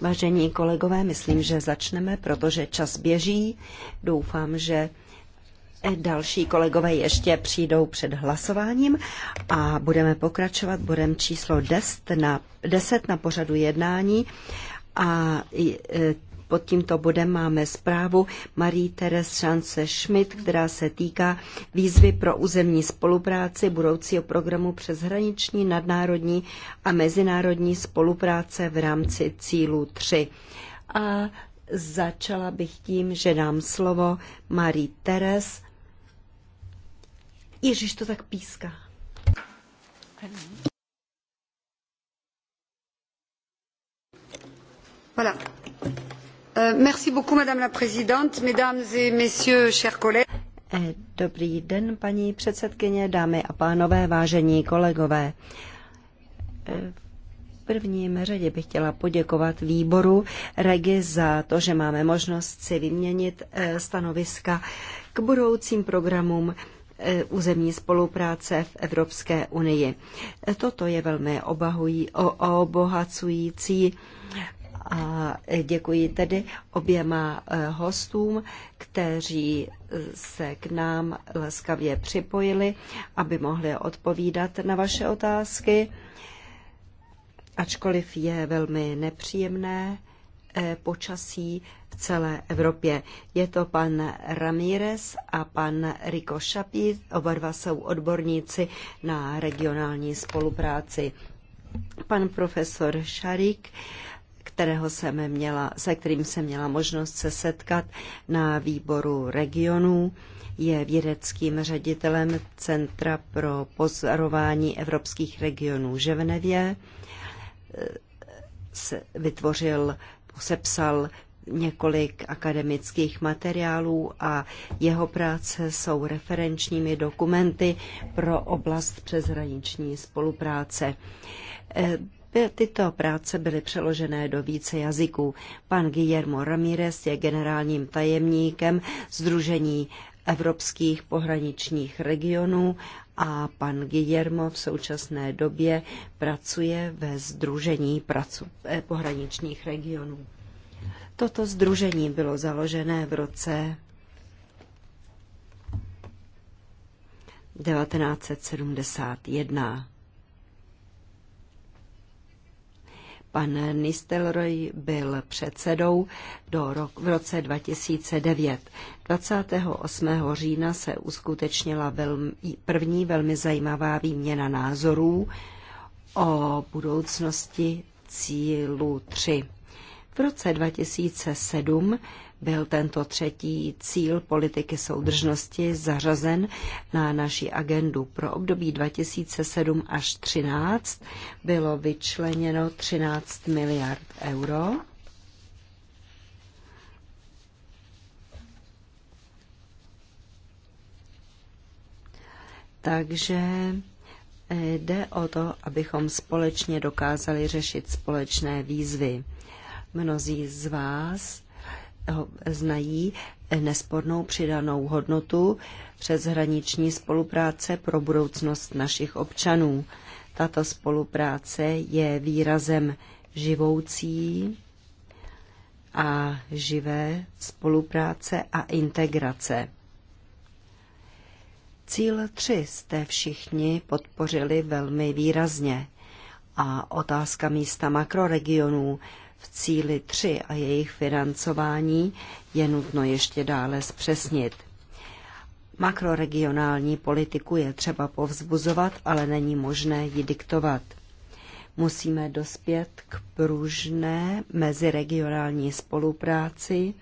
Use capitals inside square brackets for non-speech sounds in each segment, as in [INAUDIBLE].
Vážení kolegové, myslím, že začneme, protože čas běží. Doufám, že další kolegové ještě přijdou před hlasováním a budeme pokračovat bodem číslo 10 na, 10 na pořadu jednání a e, pod tímto bodem máme zprávu Marie Teres Šance Schmidt, která se týká výzvy pro územní spolupráci budoucího programu přeshraniční, nadnárodní a mezinárodní spolupráce v rámci cílu 3. A začala bych tím, že dám slovo Marie Teres. Ježíš to tak píská. Voilà. Euh, madame la Présidente, Mesdames et Messieurs, chers collègues. Eh, dobrý den, paní předsedkyně, dámy a pánové, vážení kolegové. Eh, v prvním řadě bych chtěla poděkovat výboru Regi za to, že máme možnost si vyměnit eh, stanoviska k budoucím programům územní spolupráce v Evropské unii. Toto je velmi obahují, obohacující a děkuji tedy oběma eh, hostům, kteří eh, se k nám laskavě připojili, aby mohli odpovídat na vaše otázky. Ačkoliv je velmi nepříjemné eh, počasí v celé Evropě. Je to pan Ramírez a pan Rico Šapí, oba dva jsou odborníci na regionální spolupráci. Pan profesor Šarik kterého jsem měla, se kterým jsem měla možnost se setkat na výboru regionů. Je vědeckým ředitelem Centra pro pozorování evropských regionů Ževnevě. Se vytvořil, sepsal několik akademických materiálů a jeho práce jsou referenčními dokumenty pro oblast přeshraniční spolupráce. Tyto práce byly přeložené do více jazyků. Pan Guillermo Ramírez je generálním tajemníkem Združení evropských pohraničních regionů a pan Guillermo v současné době pracuje ve Združení pracu, eh, pohraničních regionů. Toto združení bylo založené v roce 1971. Pan Nistelroy byl předsedou do rok, v roce 2009. 28. října se uskutečnila velmi, první velmi zajímavá výměna názorů o budoucnosti cílu 3. V roce 2007 byl tento třetí cíl politiky soudržnosti zařazen na naši agendu. Pro období 2007 až 2013 bylo vyčleněno 13 miliard euro. Takže eh, jde o to, abychom společně dokázali řešit společné výzvy. Mnozí z vás znají nespornou přidanou hodnotu přeshraniční spolupráce pro budoucnost našich občanů. Tato spolupráce je výrazem živoucí a živé spolupráce a integrace. Cíl 3 jste všichni podpořili velmi výrazně a otázka místa makroregionů v cíli 3 a jejich financování je nutno ještě dále zpřesnit. Makroregionální politiku je třeba povzbuzovat, ale není možné ji diktovat. Musíme dospět k pružné meziregionální spolupráci,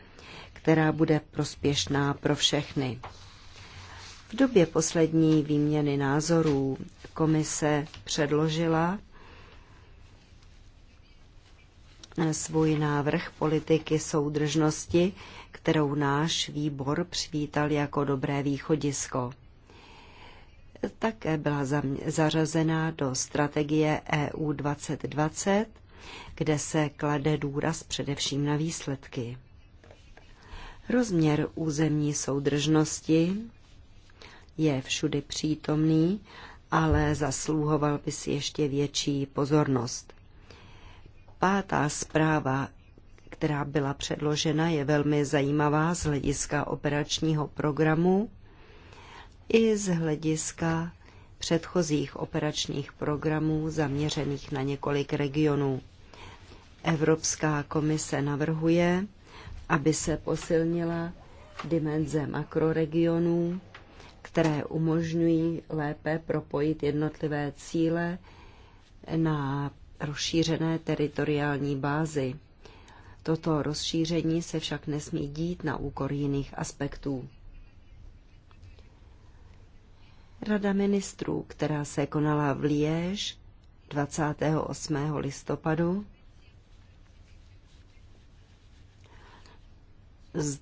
která bude prospěšná pro všechny. V době poslední výměny názorů komise předložila svůj návrh politiky soudržnosti, kterou náš výbor přivítal jako dobré východisko. Také byla zařazena do strategie EU 2020, kde se klade důraz především na výsledky. Rozměr územní soudržnosti je všudy přítomný, ale zasluhoval by si ještě větší pozornost. Pátá zpráva, která byla předložena, je velmi zajímavá z hlediska operačního programu i z hlediska předchozích operačních programů zaměřených na několik regionů. Evropská komise navrhuje, aby se posilnila dimenze makroregionů, které umožňují lépe propojit jednotlivé cíle na rozšířené teritoriální bázy. Toto rozšíření se však nesmí dít na úkor jiných aspektů. Rada ministrů, která se konala v Liež 28. listopadu,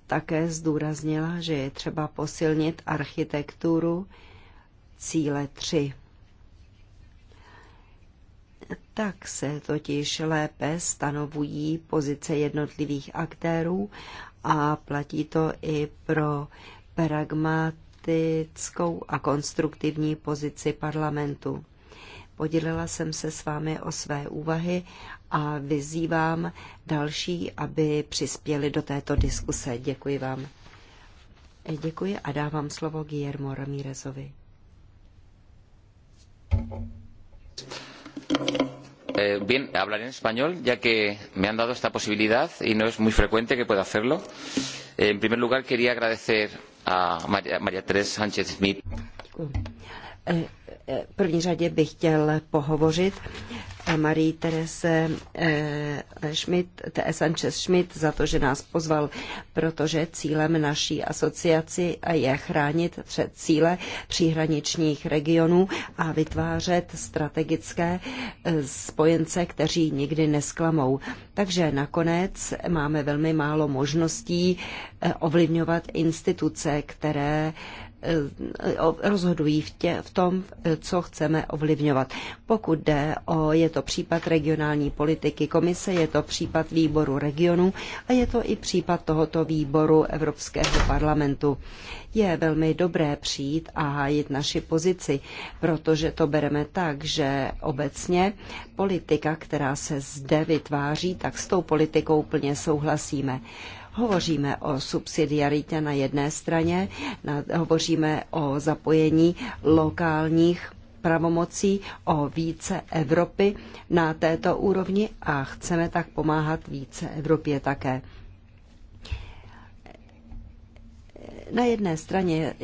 také zdůraznila, že je třeba posilnit architekturu cíle 3 tak se totiž lépe stanovují pozice jednotlivých aktérů a platí to i pro pragmatickou a konstruktivní pozici parlamentu. Podělila jsem se s vámi o své úvahy a vyzývám další, aby přispěli do této diskuse. Děkuji vám. E, děkuji a dávám slovo Guillermo Ramírezovi. Eh, bien, hablaré en español, ya que me han dado esta posibilidad y no es muy frecuente que pueda hacerlo. Eh, en primer lugar, quería agradecer a María, María Teresa Sánchez Smith. Eh, eh, první řadě bych chtěl pohovořit Marie Terese eh, Schmidt, T. Sanchez Schmidt za to, že nás pozval, protože cílem naší asociaci je chránit před cíle příhraničních regionů a vytvářet strategické eh, spojence, kteří nikdy nesklamou. Takže nakonec máme velmi málo možností eh, ovlivňovat instituce, které Eh, rozhodují v, tě, v tom, eh, co chceme ovlivňovat. Pokud jde o, je to případ regionální politiky komise, je to případ výboru regionu a je to i případ tohoto výboru Evropského parlamentu. Je velmi dobré přijít a hájit naši pozici, protože to bereme tak, že obecně politika, která se zde vytváří, tak s tou politikou plně souhlasíme. Hovoříme o subsidiaritě na jedné straně, na, hovoříme o zapojení lokálních pravomocí o více Evropy na této úrovni a chceme tak pomáhat více Evropě také. na jedné straně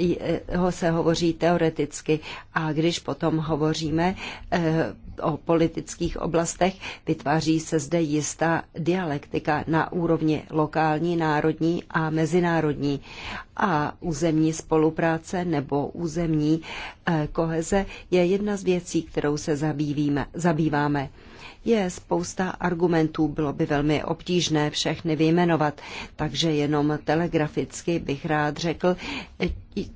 ho se hovoří teoreticky a když potom hovoříme eh, o politických oblastech, vytváří se zde jistá dialektika na úrovni lokální, národní a mezinárodní. A územní spolupráce nebo územní eh, koheze je jedna z věcí, kterou se zabývíme, zabýváme. Je spousta argumentů, bylo by velmi obtížné všechny vyjmenovat, takže jenom telegraficky bych rád řekl,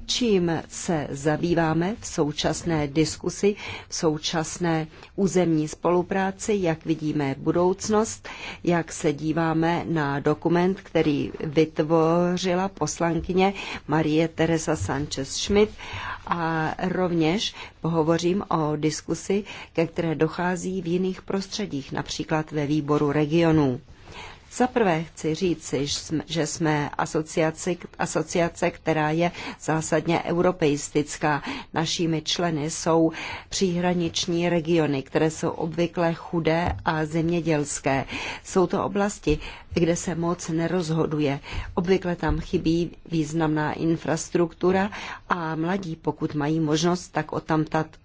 čím se zabýváme v současné diskusi, v současné územní spolupráci, jak vidíme budoucnost, jak se díváme na dokument, který vytvořila poslankyně Marie Teresa Sanchez-Schmidt a rovněž pohovořím o diskusi, ke které dochází v jiných prostředích, například ve výboru regionů. Za prvé chci říci, že jsme asociace, asociace, která je zásadně europeistická. Našími členy jsou příhraniční regiony, které jsou obvykle chudé a zemědělské. Jsou to oblasti, kde se moc nerozhoduje. Obvykle tam chybí významná infrastruktura a mladí, pokud mají možnost, tak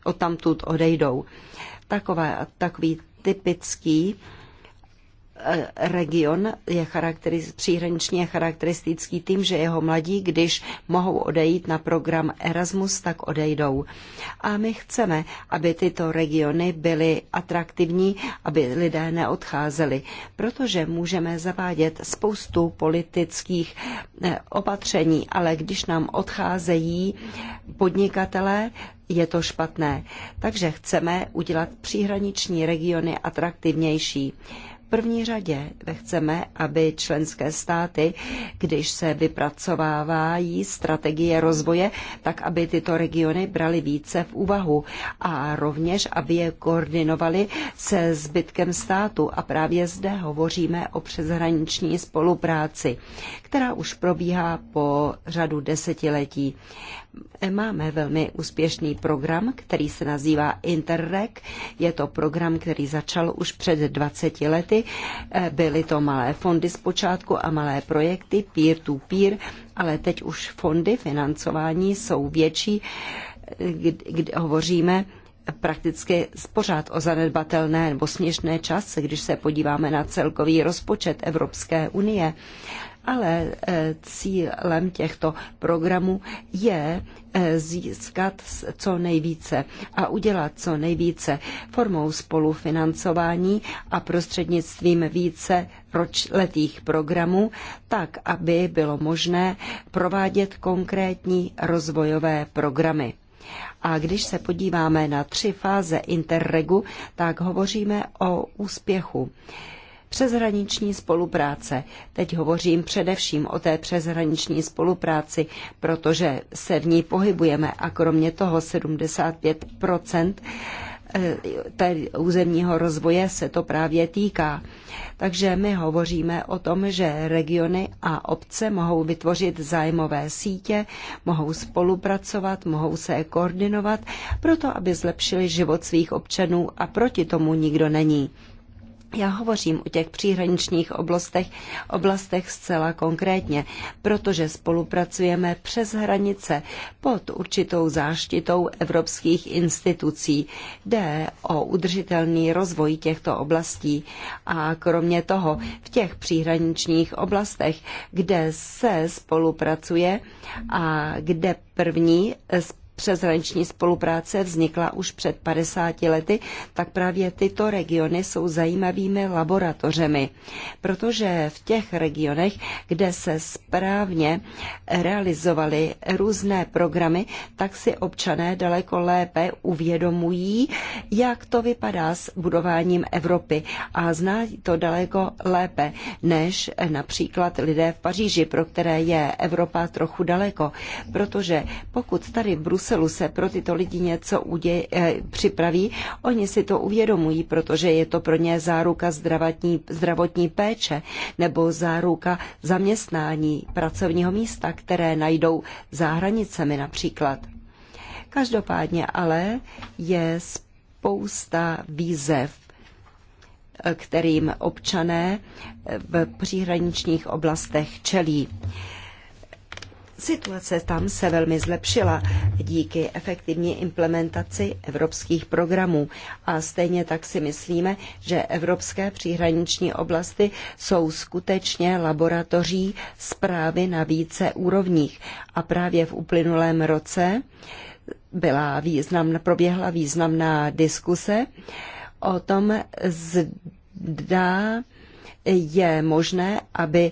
odtamtud odejdou. Takové, takový typický Eh, region je charakteriz, příhraničně charakteristický tím, že jeho mladí, když mohou odejít na program Erasmus, tak odejdou. A my chceme, aby tyto regiony byly atraktivní, aby lidé neodcházeli, protože můžeme zavádět spoustu politických eh, opatření, ale když nám odcházejí podnikatelé, je to špatné. Takže chceme udělat příhraniční regiony atraktivnější první řadě chceme, aby členské státy, když se vypracovávají strategie rozvoje, tak aby tyto regiony brali více v úvahu a rovněž, aby je koordinovali se zbytkem státu. A právě zde hovoříme o přeshraniční spolupráci, která už probíhá po řadu desetiletí. Máme velmi úspěšný program, který se nazývá Interreg. Je to program, který začal už před 20 lety. Byly to malé fondy zpočátku a malé projekty peer-to-peer, -peer, ale teď už fondy financování jsou větší, kdy hovoříme prakticky pořád o zanedbatelné nebo směšné čase, když se podíváme na celkový rozpočet Evropské unie ale eh, cílem těchto programů je eh, získat co nejvíce a udělat co nejvíce formou spolufinancování a prostřednictvím více ročletých programů, tak, aby bylo možné provádět konkrétní rozvojové programy. A když se podíváme na tři fáze Interregu, tak hovoříme o úspěchu. Přeshraniční spolupráce. Teď hovořím především o té přeshraniční spolupráci, protože se v ní pohybujeme a kromě toho 75 eh, té územního rozvoje se to právě týká. Takže my hovoříme o tom, že regiony a obce mohou vytvořit zájmové sítě, mohou spolupracovat, mohou se koordinovat, proto aby zlepšili život svých občanů a proti tomu nikdo není. Já hovořím o těch příhraničních oblastech, oblastech zcela konkrétně, protože spolupracujeme přes hranice pod určitou záštitou evropských institucí. Jde o udržitelný rozvoj těchto oblastí a kromě toho v těch příhraničních oblastech, kde se spolupracuje a kde první přeshraniční spolupráce vznikla už před 50 lety, tak právě tyto regiony jsou zajímavými laboratořemi, protože v těch regionech, kde se správně realizovaly různé programy, tak si občané daleko lépe uvědomují, jak to vypadá s budováním Evropy a zná to daleko lépe než například lidé v Paříži, pro které je Evropa trochu daleko, protože pokud tady v Bruselu se pro tyto lidi něco uděje, eh, připraví, oni si to uvědomují, protože je to pro ně záruka zdravotní, zdravotní péče nebo záruka zaměstnání pracovního místa, které najdou za hranicemi například. Každopádně ale je spousta výzev eh, kterým občané v příhraničních oblastech čelí. Situace tam se velmi zlepšila díky efektivní implementaci evropských programů. A stejně tak si myslíme, že evropské příhraniční oblasti jsou skutečně laboratoří zprávy na více úrovních. A právě v uplynulém roce byla významná, proběhla významná diskuse o tom, zda je možné, aby e,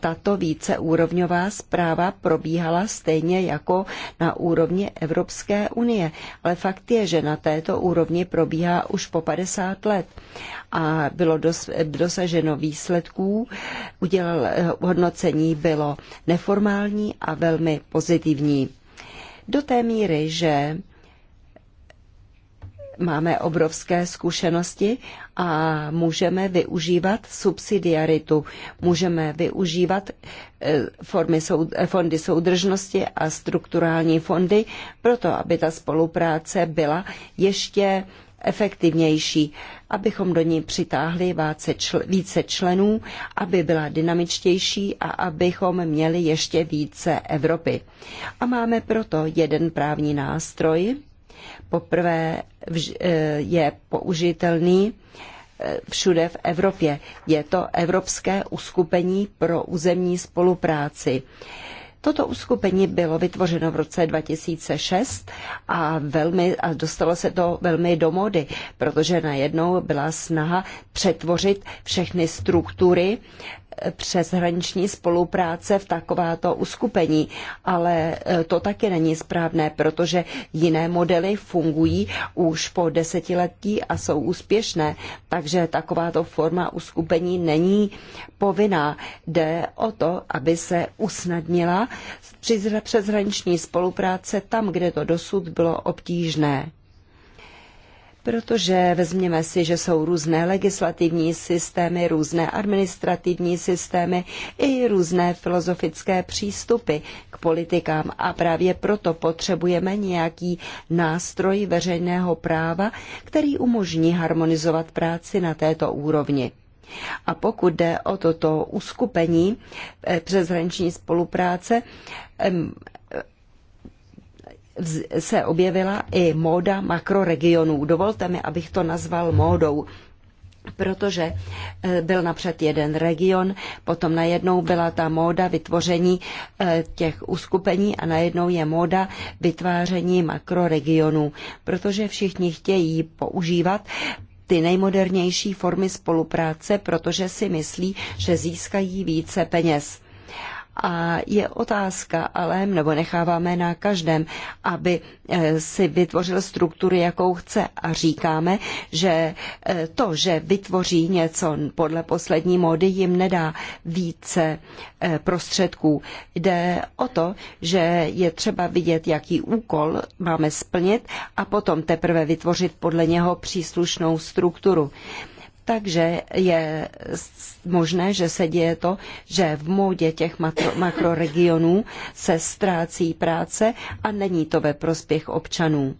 tato víceúrovňová zpráva probíhala stejně jako na úrovni Evropské unie. Ale fakt je, že na této úrovni probíhá už po 50 let a bylo dos, dosaženo výsledků. Udělal, e, hodnocení bylo neformální a velmi pozitivní. Do té míry, že máme obrovské zkušenosti a můžeme využívat subsidiaritu, můžeme využívat eh, formy soud, eh, fondy soudržnosti a strukturální fondy proto, aby ta spolupráce byla ještě efektivnější, abychom do ní přitáhli více členů, aby byla dynamičtější a abychom měli ještě více Evropy. A máme proto jeden právní nástroj, poprvé eh, je použitelný eh, všude v Evropě. Je to Evropské uskupení pro územní spolupráci. Toto uskupení bylo vytvořeno v roce 2006 a, velmi, a dostalo se to velmi do mody, protože najednou byla snaha přetvořit všechny struktury přeshraniční spolupráce v takováto uskupení. Ale eh, to taky není správné, protože jiné modely fungují už po desetiletí a jsou úspěšné, takže takováto forma uskupení není povinná. Jde o to, aby se usnadnila přeshraniční spolupráce tam, kde to dosud bylo obtížné protože vezměme si, že jsou různé legislativní systémy, různé administrativní systémy i různé filozofické přístupy k politikám a právě proto potřebujeme nějaký nástroj veřejného práva, který umožní harmonizovat práci na této úrovni. A pokud jde o toto uskupení eh, přeshraniční spolupráce, se objevila i móda makroregionů. Dovolte mi, abych to nazval módou protože e, byl napřed jeden region, potom najednou byla ta móda vytvoření e, těch uskupení a najednou je móda vytváření makroregionů, protože všichni chtějí používat ty nejmodernější formy spolupráce, protože si myslí, že získají více peněz. A je otázka ale, nebo necháváme na každém, aby eh, si vytvořil struktury, jakou chce. A říkáme, že eh, to, že vytvoří něco podle poslední módy, jim nedá více eh, prostředků. Jde o to, že je třeba vidět, jaký úkol máme splnit a potom teprve vytvořit podle něho příslušnou strukturu. Takže je možné, že se děje to, že v módě těch makro, makroregionů se ztrácí práce a není to ve prospěch občanů.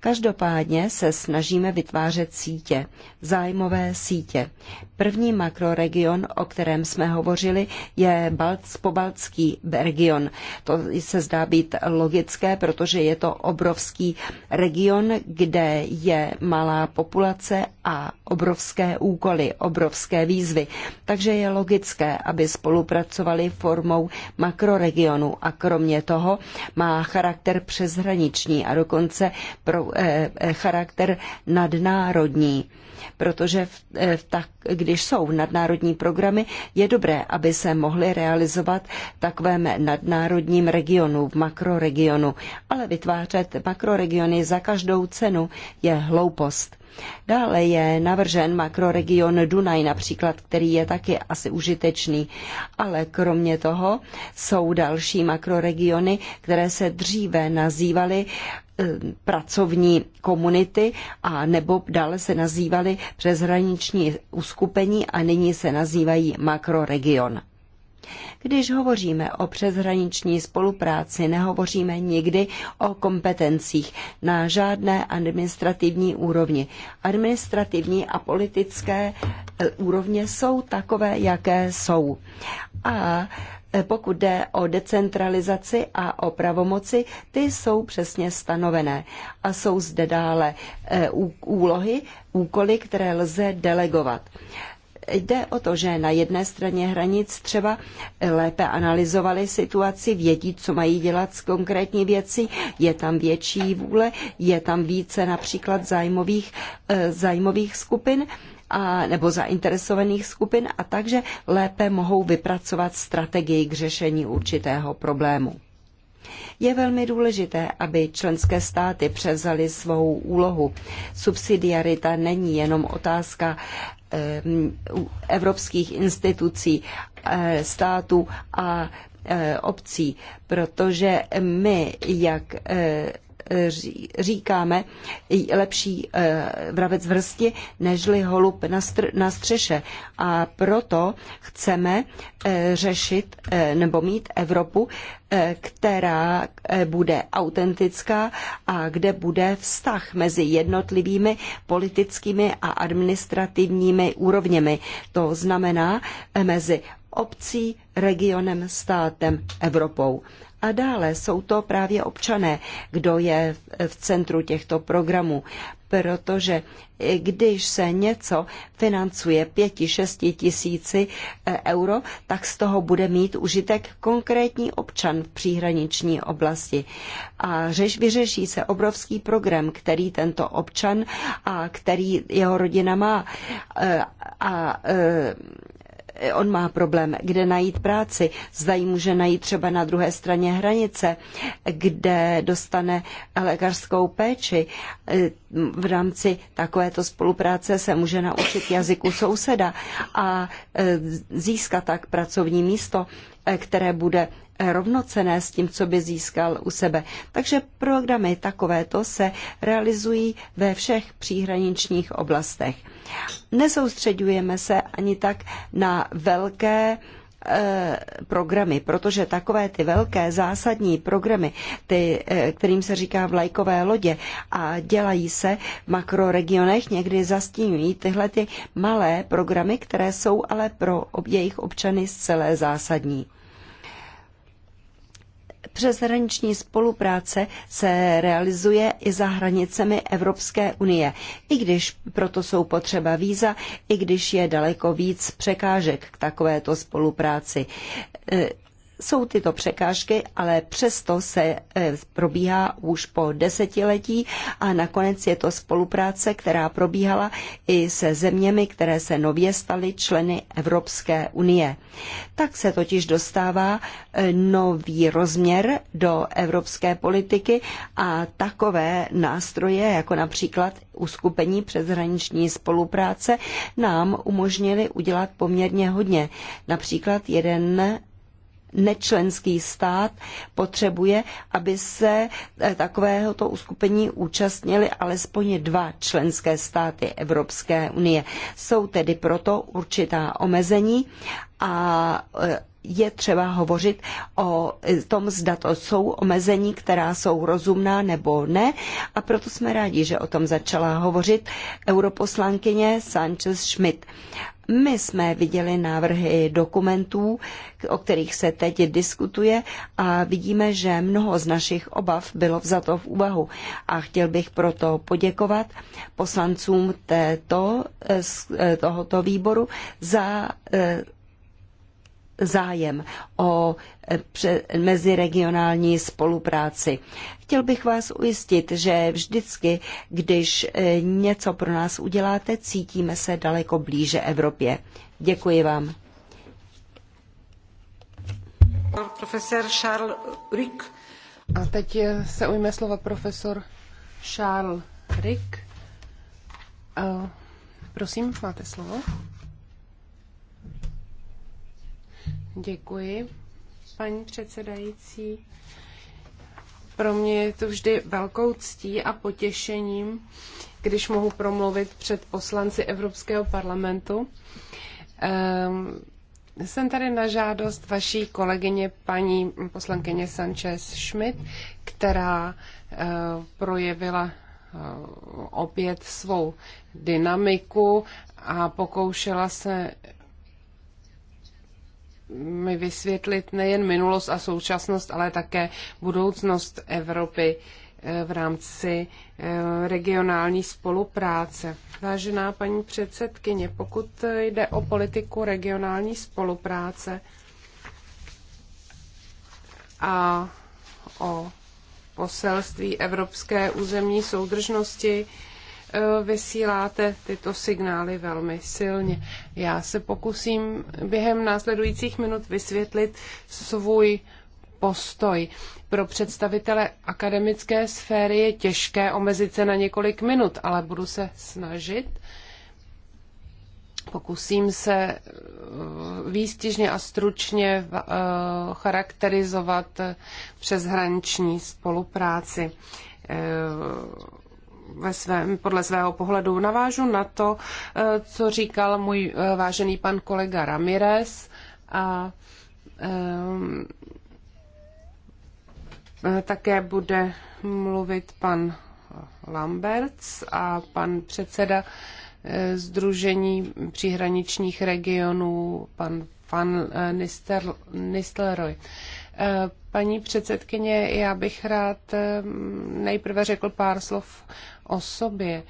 Každopádně se snažíme vytvářet sítě, zájmové sítě. První makroregion, o kterém jsme hovořili, je Balc, pobaltský region. To se zdá být logické, protože je to obrovský region, kde je malá populace a obrovské úkoly, obrovské výzvy. Takže je logické, aby spolupracovali formou makroregionu a kromě toho má charakter přeshraniční a dokonce pro, eh, eh charakter nadnárodní protože v, eh, v tak, když jsou nadnárodní programy, je dobré, aby se mohly realizovat v takovém nadnárodním regionu, v makroregionu. Ale vytvářet makroregiony za každou cenu je hloupost. Dále je navržen makroregion Dunaj například, který je taky asi užitečný, ale kromě toho jsou další makroregiony, které se dříve nazývaly Eh, pracovní komunity a nebo dále se nazývaly přeshraniční uskupení a nyní se nazývají makroregion. Když hovoříme o přeshraniční spolupráci, nehovoříme nikdy o kompetencích na žádné administrativní úrovni. Administrativní a politické eh, úrovně jsou takové, jaké jsou. A Eh, pokud jde o decentralizaci a o pravomoci, ty jsou přesně stanovené. A jsou zde dále eh, úlohy, úkoly, které lze delegovat jde o to, že na jedné straně hranic třeba eh, lépe analyzovali situaci, vědí, co mají dělat s konkrétní věcí, je tam větší vůle, je tam více například zájmových, zájmových skupin a, nebo zainteresovaných skupin a takže lépe mohou vypracovat strategii k řešení určitého problému. Je velmi důležité, aby členské státy převzaly svou úlohu. Subsidiarita není jenom otázka evropských institucí, eh, států a eh, obcí, protože my, jak eh, říkáme lepší e, vravec v hrsti, nežli holub na, na střeše. A proto chceme e, řešit e, nebo mít Evropu, která bude autentická a kde bude vztah mezi jednotlivými politickými a administrativními úrovněmi. To znamená mezi obcí, regionem, státem, Evropou. A dále jsou to právě občané, kdo je v centru těchto programů, protože když se něco financuje 5-6 tisíci e, euro, tak z toho bude mít užitek konkrétní občan v příhraniční oblasti. A řeš, vyřeší se obrovský program, který tento občan a který jeho rodina má. E, a, a, e, a on má problém, kde najít práci, zda ji může najít třeba na druhé straně hranice, kde dostane lékařskou péči. V rámci takovéto spolupráce se může naučit jazyku souseda a získat tak pracovní místo, které bude rovnocené s tím, co by získal u sebe. Takže programy takovéto se realizují ve všech příhraničních oblastech. Nesoustředujeme se ani tak na velké eh, programy, protože takové ty velké zásadní programy, ty, eh, kterým se říká vlajkové lodě a dělají se v makroregionech, někdy zastínují tyhle ty malé programy, které jsou ale pro jejich občany zcela zásadní. Přeshraniční spolupráce se realizuje i za hranicemi Evropské unie, i když proto jsou potřeba víza, i když je daleko víc překážek k takovéto spolupráci jsou tyto překážky, ale přesto se eh, probíhá už po desetiletí a nakonec je to spolupráce, která probíhala i se zeměmi, které se nově staly členy Evropské unie. Tak se totiž dostává eh, nový rozměr do evropské politiky a takové nástroje, jako například uskupení přeshraniční spolupráce, nám umožnili udělat poměrně hodně. Například jeden nečlenský stát potřebuje, aby se eh, takovéhoto uskupení účastnili alespoň dva členské státy Evropské unie. Jsou tedy proto určitá omezení a eh, je třeba hovořit o eh, tom, zda to jsou omezení, která jsou rozumná nebo ne. A proto jsme rádi, že o tom začala hovořit europoslankyně Sanchez Schmidt. My jsme viděli návrhy dokumentů, o kterých se teď diskutuje a vidíme, že mnoho z našich obav bylo vzato v úvahu. A chtěl bych proto poděkovat poslancům této, eh, eh, tohoto výboru za eh, zájem o eh, meziregionální spolupráci. Chtěl bych vás ujistit, že vždycky, když eh, něco pro nás uděláte, cítíme se daleko blíže Evropě. Děkuji vám. Profesor Charles Rick. A teď se ujme slova profesor Charles Rick. Eh, prosím, máte slovo. Děkuji, paní předsedající. Pro mě je to vždy velkou ctí a potěšením, když mohu promluvit před poslanci Evropského parlamentu. Ehm, jsem tady na žádost vaší kolegyně paní poslankyně Sanchez Schmidt, která eh, projevila eh, opět svou dynamiku a pokoušela se mi vysvětlit nejen minulost a současnost, ale také budoucnost Evropy eh, v rámci eh, regionální spolupráce. Vážená paní předsedkyně, pokud jde o politiku regionální spolupráce a o poselství Evropské územní soudržnosti, Eh, vysíláte tyto signály velmi silně. Já se pokusím během následujících minut vysvětlit svůj postoj. Pro představitele akademické sféry je těžké omezit se na několik minut, ale budu se snažit. Pokusím se eh, výstižně a stručně eh, charakterizovat přeshraniční spolupráci ve svém, podle svého pohledu. Navážu na to, eh, co říkal můj eh, vážený pan kolega Ramirez a eh, také bude mluvit pan Lamberts a pan předseda Združení příhraničních regionů, pan Van Nistelrooy. Eh, paní předsedkyně, já bych rád eh, nejprve řekl pár slov o sobě.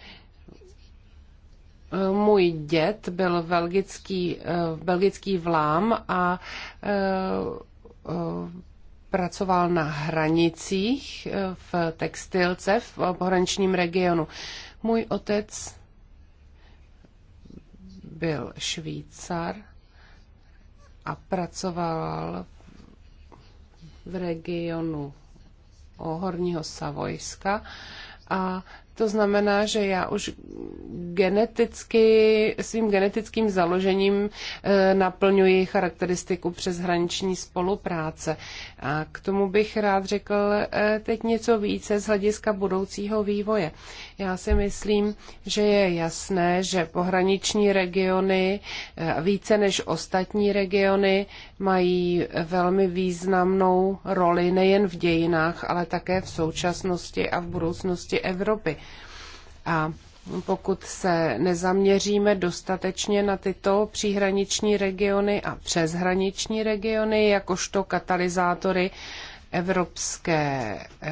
Eh, můj děd byl belgický, belgický vlám a pracoval na hranicích v textilce v pohraničním regionu. Můj otec byl Švýcar a pracoval v regionu Horního Savojska a to znamená, že já už geneticky, svým genetickým založením e, naplňuji charakteristiku přeshraniční spolupráce. A k tomu bych rád řekl e, teď něco více z hlediska budoucího vývoje. Já si myslím, že je jasné, že pohraniční regiony e, více než ostatní regiony mají velmi významnou roli nejen v dějinách, ale také v současnosti a v budoucnosti Evropy. A pokud se nezaměříme dostatečně na tyto příhraniční regiony a přeshraniční regiony jakožto katalyzátory evropské eh,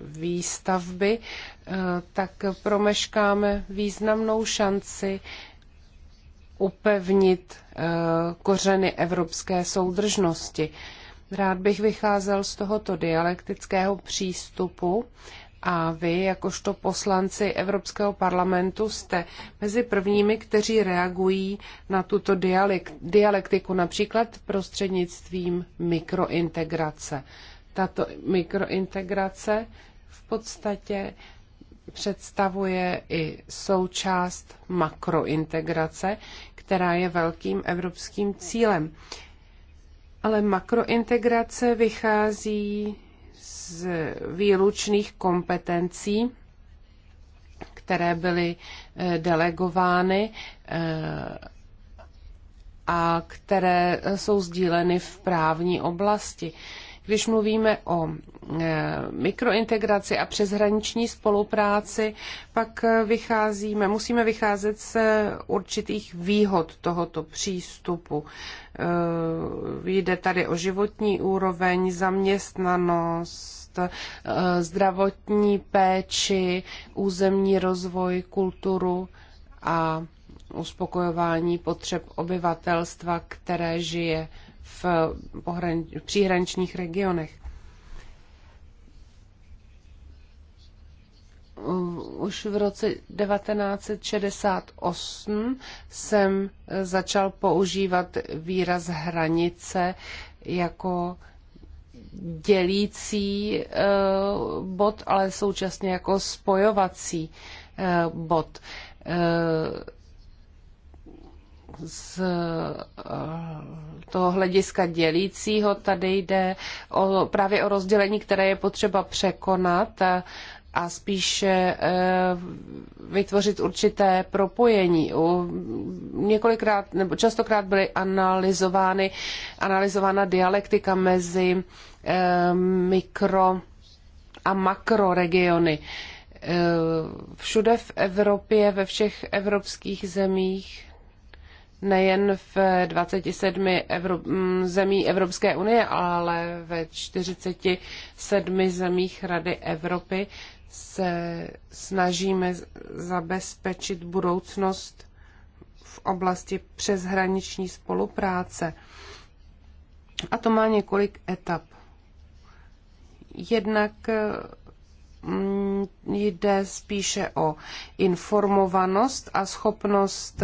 výstavby, eh, tak promeškáme významnou šanci upevnit eh, kořeny evropské soudržnosti. Rád bych vycházel z tohoto dialektického přístupu a vy, jakožto poslanci Evropského parlamentu, jste mezi prvními, kteří reagují na tuto dialektiku, například prostřednictvím mikrointegrace. Tato mikrointegrace v podstatě představuje i součást makrointegrace, která je velkým evropským cílem. Ale makrointegrace vychází z výlučných kompetencí, které byly eh, delegovány eh, a které jsou sdíleny v právní oblasti. Když mluvíme o e, mikrointegraci a přeshraniční spolupráci, pak e, vycházíme, musíme vycházet z e, určitých výhod tohoto přístupu. Jde tady o životní úroveň, zaměstnanost, zdravotní péči, územní rozvoj, kulturu a uspokojování potřeb obyvatelstva, které žije v, pohran, v příhraničních regionech. Mm, už v roce 1968 jsem začal používat výraz hranice jako dělící eh, bod, ale současně jako spojovací eh, bod eh, z toho hlediska dělícího. Tady jde o, právě o rozdělení, které je potřeba překonat a spíše e, vytvořit určité propojení. Několikrát nebo častokrát byly analyzovány, analyzována dialektika mezi e, mikro a makroregiony. E, všude v Evropě, ve všech evropských zemích nejen v 27 Evro- zemí Evropské unie, ale ve 47 zemích Rady Evropy se snažíme zabezpečit budoucnost v oblasti přeshraniční spolupráce. A to má několik etap. Jednak jde spíše o informovanost a schopnost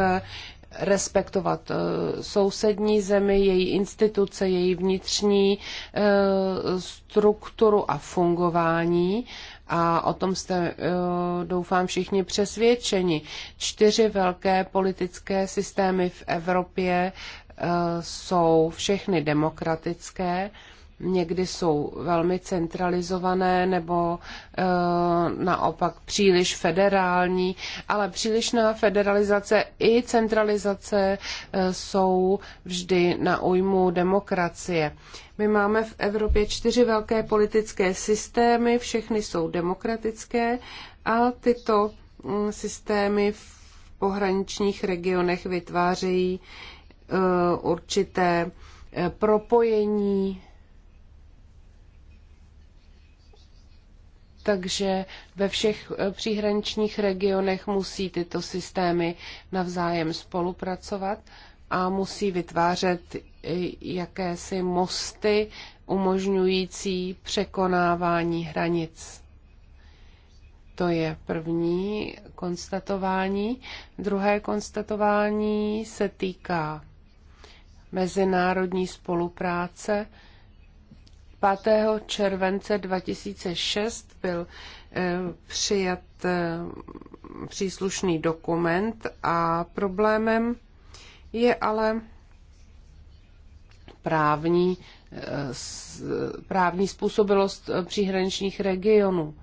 respektovat eh, sousední zemi, její instituce, její vnitřní eh, strukturu a fungování. A o tom jste, eh, doufám, všichni přesvědčeni. Čtyři velké politické systémy v Evropě jsou všechny demokratické někdy jsou velmi centralizované nebo e, naopak příliš federální, ale přílišná federalizace i centralizace e, jsou vždy na újmu demokracie. My máme v Evropě čtyři velké politické systémy, všechny jsou demokratické a tyto mm, systémy v pohraničních regionech vytvářejí e, určité propojení takže ve všech eh, příhraničních regionech musí tyto systémy navzájem spolupracovat a musí vytvářet eh, jakési mosty umožňující překonávání hranic. To je první konstatování. Druhé konstatování se týká mezinárodní spolupráce 5. července 2006 byl eh, přijat eh, příslušný dokument a problémem je ale právní, eh, právní způsobilost příhraničních regionů.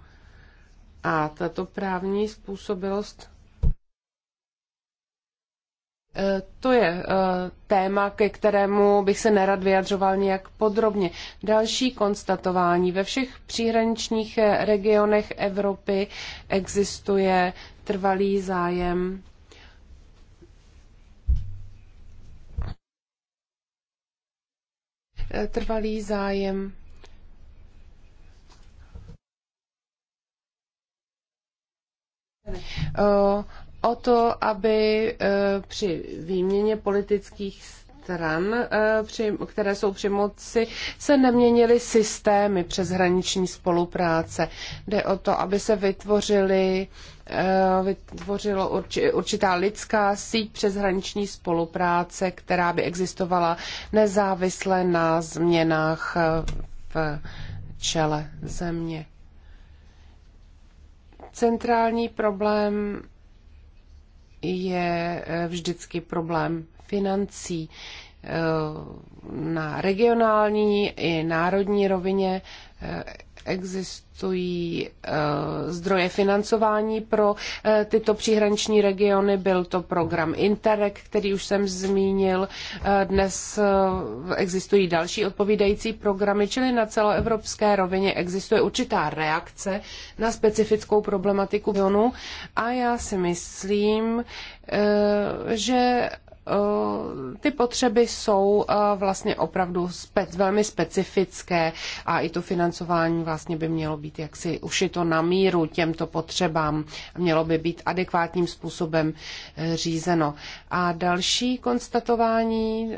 A tato právní způsobilost Eh, to je eh, téma, ke kterému bych se nerad vyjadřoval nějak podrobně. Další konstatování. Ve všech příhraničních eh, regionech Evropy existuje trvalý zájem trvalý zájem o to, aby e, při výměně politických stran, e, které jsou při moci, se neměnily systémy přeshraniční spolupráce. Jde o to, aby se vytvořily e, vytvořilo určitá lidská síť přeshraniční spolupráce, která by existovala nezávisle na změnách v čele země. Centrální problém je eh, vždycky problém financí eh, na regionální i národní rovině eh, existují eh, zdroje financování pro eh, tyto příhraniční regiony. Byl to program Interreg, který už jsem zmínil. Eh, dnes existují další odpovídající programy, čili na celoevropské rovině existuje určitá reakce na specifickou problematiku regionu a já si myslím, že Eh, ty potřeby jsou eh, vlastně opravdu velmi specifické a i to financování vlastně by mělo být jaksi ušito na míru těmto potřebám, mělo by být adekvátním způsobem eh, řízeno. A další konstatování,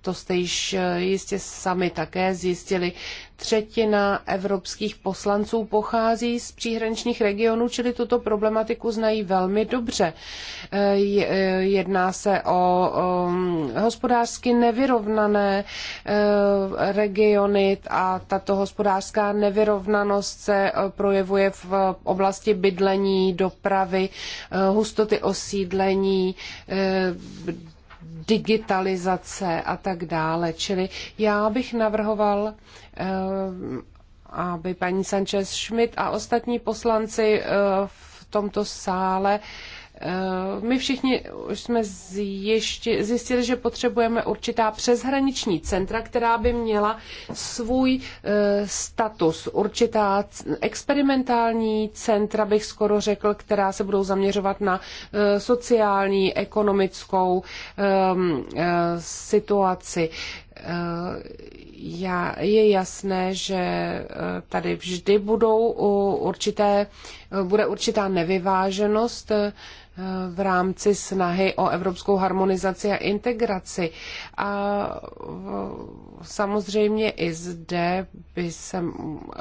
to jste již jistě sami také zjistili, třetina evropských poslanců pochází z příhraničních regionů, čili tuto problematiku znají velmi dobře. E, e, jedná se o hospodářsky nevyrovnané e, regiony a tato hospodářská nevyrovnanost se projevuje v oblasti bydlení, dopravy, hustoty osídlení, digitalizace a tak dále. Čili já bych navrhoval, eh, aby paní Sanchez Schmidt a ostatní poslanci eh, v tomto sále uh, Eh, my všichni už jsme zjistili, že potřebujeme určitá přeshraniční centra, která by měla svůj eh, status, určitá experimentální centra, bych skoro řekl, která se budou zaměřovat na eh, sociální, ekonomickou ehm, situaci já, je jasné, že tady vždy budou určité, bude určitá nevyváženost v rámci snahy o evropskou harmonizaci a integraci. A samozřejmě i zde by se eh,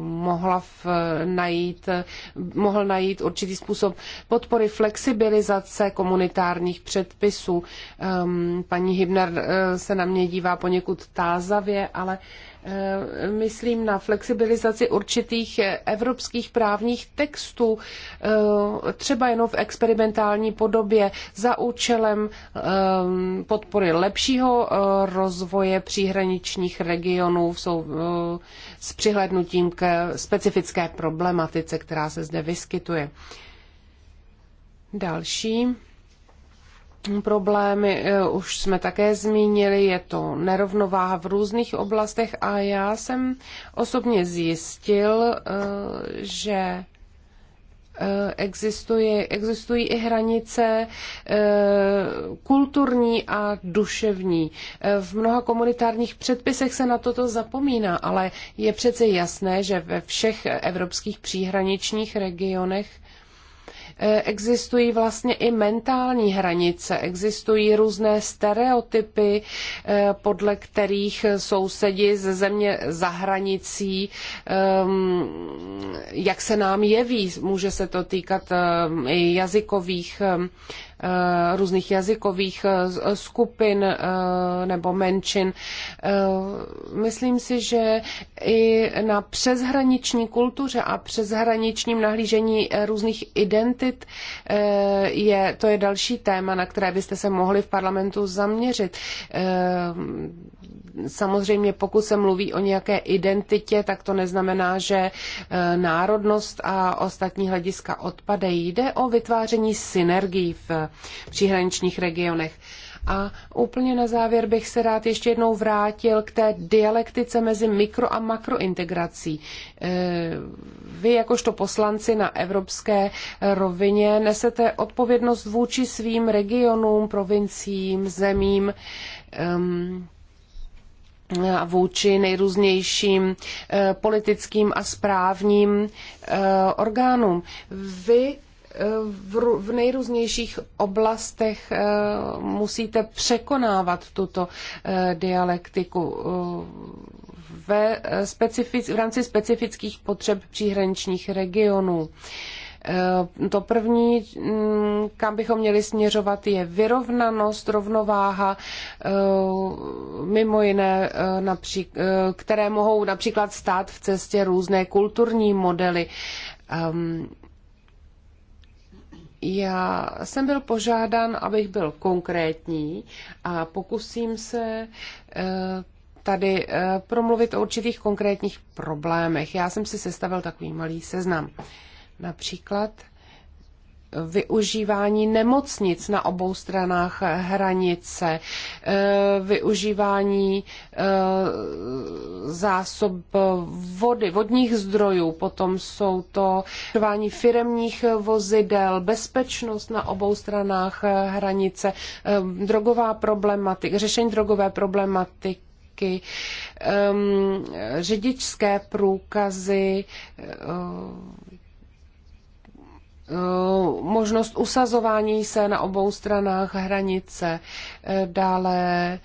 mohla v, najít, mohl najít určitý způsob podpory flexibilizace komunitárních předpisů. Ehm, paní Hibner eh, se na mě dívá poněkud tázavě, ale Eh, myslím na flexibilizaci určitých evropských právních textů, eh, třeba jenom v experimentální podobě za účelem eh, podpory lepšího rozvoje příhraničních regionů s přihlednutím k specifické problematice, která se zde vyskytuje. Další problémy eh, už jsme také zmínili, je to nerovnováha v různých oblastech a já jsem osobně zjistil, eh, že eh, existuje, existují i hranice kulturní a duševní. V mnoha komunitárních předpisech se na toto zapomíná, ale je přece jasné, že ve všech evropských příhraničních regionech Eh, existují vlastně i mentální hranice, existují různé stereotypy, eh, podle kterých sousedi ze země za hranicí, ehm, jak se nám jeví, může se to týkat ehm, i jazykových ehm, Eh, různých jazykových eh, skupin eh, nebo menšin. Myslím si, že i na přeshraniční kultuře a přeshraničním nahlížení různých identit je, to je další téma, na které byste se mohli v parlamentu zaměřit samozřejmě pokud se mluví o nějaké identitě, tak to neznamená, že e, národnost a ostatní hlediska odpadají. Jde o vytváření synergií v příhraničních regionech. A úplně na závěr bych se rád ještě jednou vrátil k té dialektice mezi mikro a makrointegrací. E, vy jakožto poslanci na evropské rovině nesete odpovědnost vůči svým regionům, provinciím, zemím vůči nejrůznějším eh, politickým a správním eh, orgánům. Vy eh, v, nejrůznějších oblastech musíte překonávat tuto dialektiku ve specific, v rámci specifických potřeb příhraničních regionů. Eh, to první, mm, kam bychom měli směřovat, je vyrovnanost, rovnováha, eh, mimo jiné, eh, které mohou například stát v cestě různé kulturní modely. Ehm, já jsem byl požádán, abych byl konkrétní a pokusím se tady promluvit o určitých konkrétních problémech. Já jsem si sestavil takový malý seznam. Například využívání nemocnic na obou stranách hranice, eh, využívání eh, zásob vody, vodních zdrojů, potom jsou to využívání firemních vozidel, bezpečnost na obou stranách eh, hranice, drogová problematika, řešení drogové problematiky, značky, řidičské průkazy, Eh, možnost usazování se na obou stranách hranice, eh, dále eh,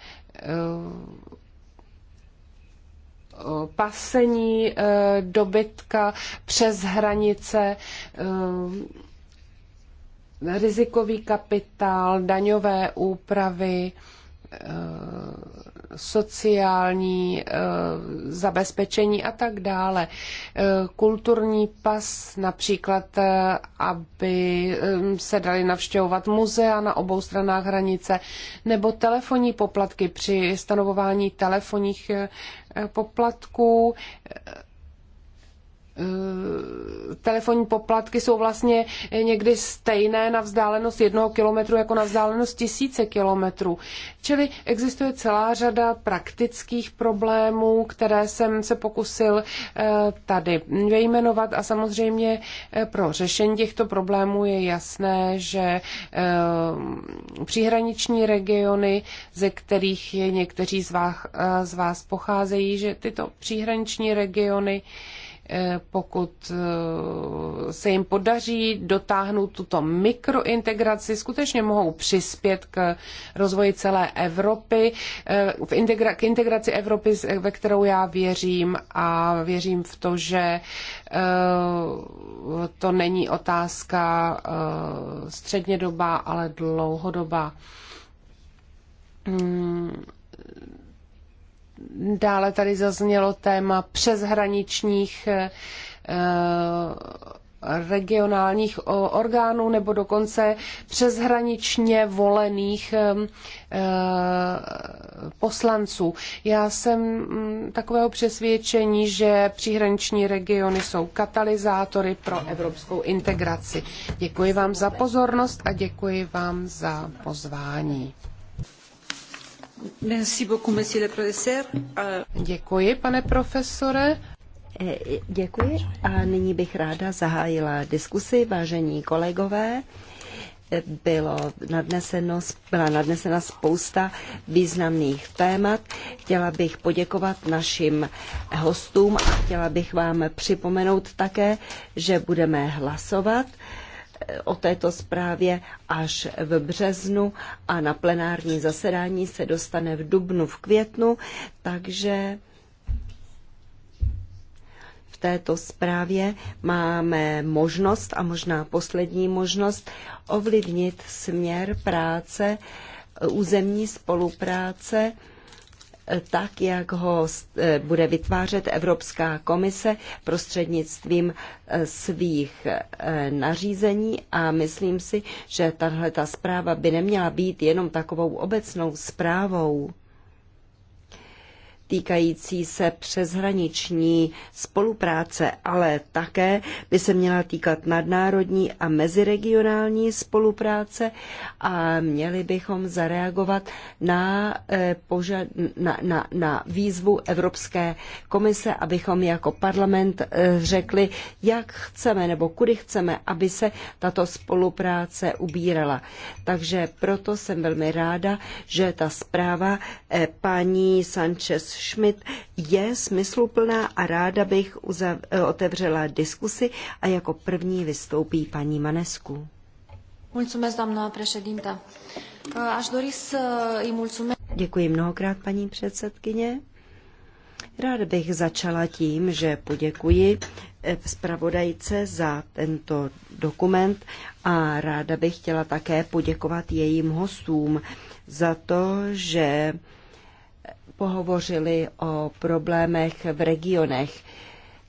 pasení dobytka přes hranice, rizikový kapitál, daňové úpravy, sociální eh, zabezpečení a tak dále. Eh, kulturní pas například, eh, aby se dali navštěvovat muzea na obou stranách hranice, nebo telefonní poplatky při stanovování telefonních poplatků Eh, telefonní poplatky jsou vlastně někdy stejné na vzdálenost jednoho kilometru jako na vzdálenost tisíce kilometrů. Čili existuje celá řada praktických problémů, které jsem se pokusil eh, tady vyjmenovat a samozřejmě eh, pro řešení těchto problémů je jasné, že příhraniční regiony, ze kterých někteří z vás, z vás pocházejí, že tyto příhraniční regiony Eh, pokud eh, se jim podaří dotáhnout tuto mikrointegraci, skutečně mohou přispět k rozvoji celé Evropy, eh, k integraci Evropy, ve kterou já věřím a věřím v to, že to není otázka střednědobá, ale dlouhodobá hmm, Dále tady zaznělo téma přeshraničních eh, regionálních orgánů nebo dokonce přeshraničně volených eh, poslanců. Já jsem mm, takového přesvědčení, že příhraniční regiony jsou katalyzátory pro evropskou integraci. Děkuji vám za pozornost a děkuji vám za pozvání. Euh, děkuji, pane profesore. Eh, děkuji a nyní bych ráda zahájila diskusi, vážení kolegové bylo nadneseno, byla nadnesena spousta významných témat. Chtěla bych poděkovat našim hostům a chtěla bych vám připomenout také, že budeme hlasovat o této zprávě až v březnu a na plenární zasedání se dostane v dubnu, v květnu, takže v této zprávě máme možnost a možná poslední možnost ovlivnit směr práce, územní spolupráce tak, jak ho eh, bude vytvářet Evropská komise prostřednictvím eh, svých eh, nařízení a myslím si, že tahle ta zpráva by neměla být jenom takovou obecnou zprávou týkající se přeshraniční spolupráce, ale také by se měla týkat nadnárodní a meziregionální spolupráce a měli bychom zareagovat na, eh, na, na, na výzvu Evropské komise, abychom jako parlament eh, řekli, jak chceme nebo kudy chceme, aby se tato spolupráce ubírala. Takže proto jsem velmi ráda, že ta zpráva eh, paní Sanchez Schmidt je smysluplná a ráda bych uzav- eh, otevřela diskusi a jako první vystoupí paní Manesku. Eh, mulțumesc, Děkuji mnohokrát, paní předsedkyně. Rád bych začala tím, že poděkuji eh, zpravodajce za tento dokument a ráda bych chtěla také poděkovat jejím hostům za to, že pohovořili o problémech v regionech,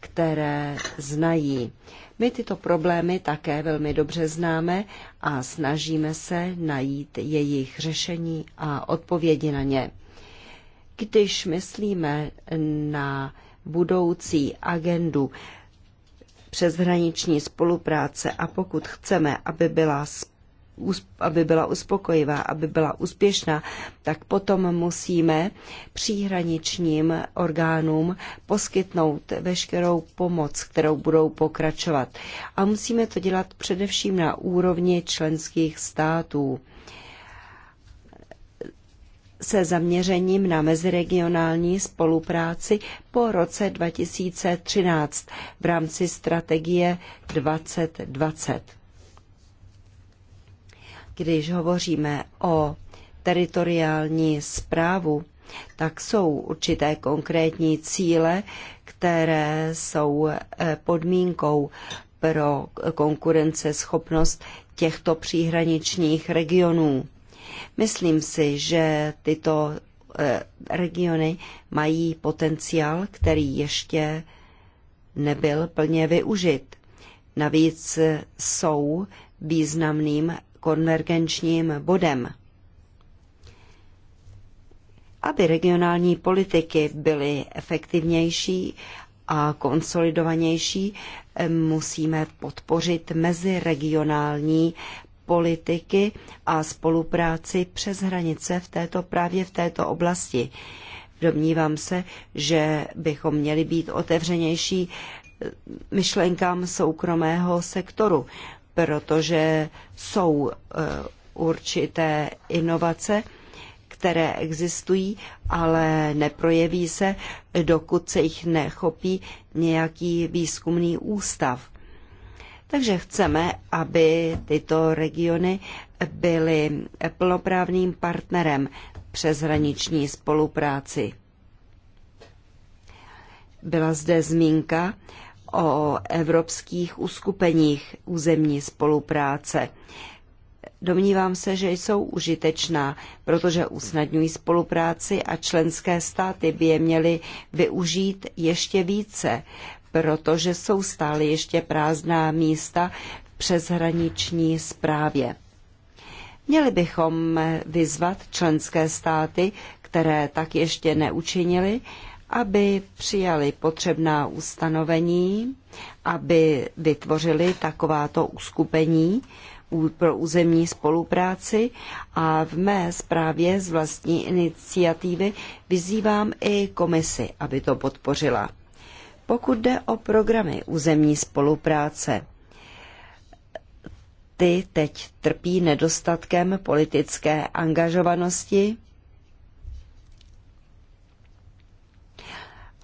které znají. My tyto problémy také velmi dobře známe a snažíme se najít jejich řešení a odpovědi na ně. Když myslíme na budoucí agendu přeshraniční spolupráce a pokud chceme, aby byla aby byla uspokojivá, aby byla úspěšná, tak potom musíme příhraničním orgánům poskytnout veškerou pomoc, kterou budou pokračovat. A musíme to dělat především na úrovni členských států se zaměřením na meziregionální spolupráci po roce 2013 v rámci strategie 2020. Když hovoříme o teritoriální zprávu, tak jsou určité konkrétní cíle, které jsou eh, podmínkou pro konkurenceschopnost těchto příhraničních regionů. Myslím si, že tyto eh, regiony mají potenciál, který ještě nebyl plně využit. Navíc jsou významným konvergenčním bodem. Aby regionální politiky byly efektivnější a konsolidovanější, musíme podpořit meziregionální politiky a spolupráci přes hranice v této, právě v této oblasti. Domnívám se, že bychom měli být otevřenější myšlenkám soukromého sektoru protože jsou eh, určité inovace, které existují, ale neprojeví se, dokud se jich nechopí nějaký výzkumný ústav. Takže chceme, aby tyto regiony byly plnoprávným partnerem přeshraniční spolupráci. Byla zde zmínka o evropských uskupeních územní spolupráce. Domnívám se, že jsou užitečná, protože usnadňují spolupráci a členské státy by je měly využít ještě více, protože jsou stále ještě prázdná místa v přeshraniční zprávě. Měli bychom vyzvat členské státy, které tak ještě neučinili, aby přijali potřebná ustanovení, aby vytvořili takováto uskupení pro územní spolupráci a v mé zprávě z vlastní iniciativy vyzývám i komisi, aby to podpořila. Pokud jde o programy územní spolupráce, ty teď trpí nedostatkem politické angažovanosti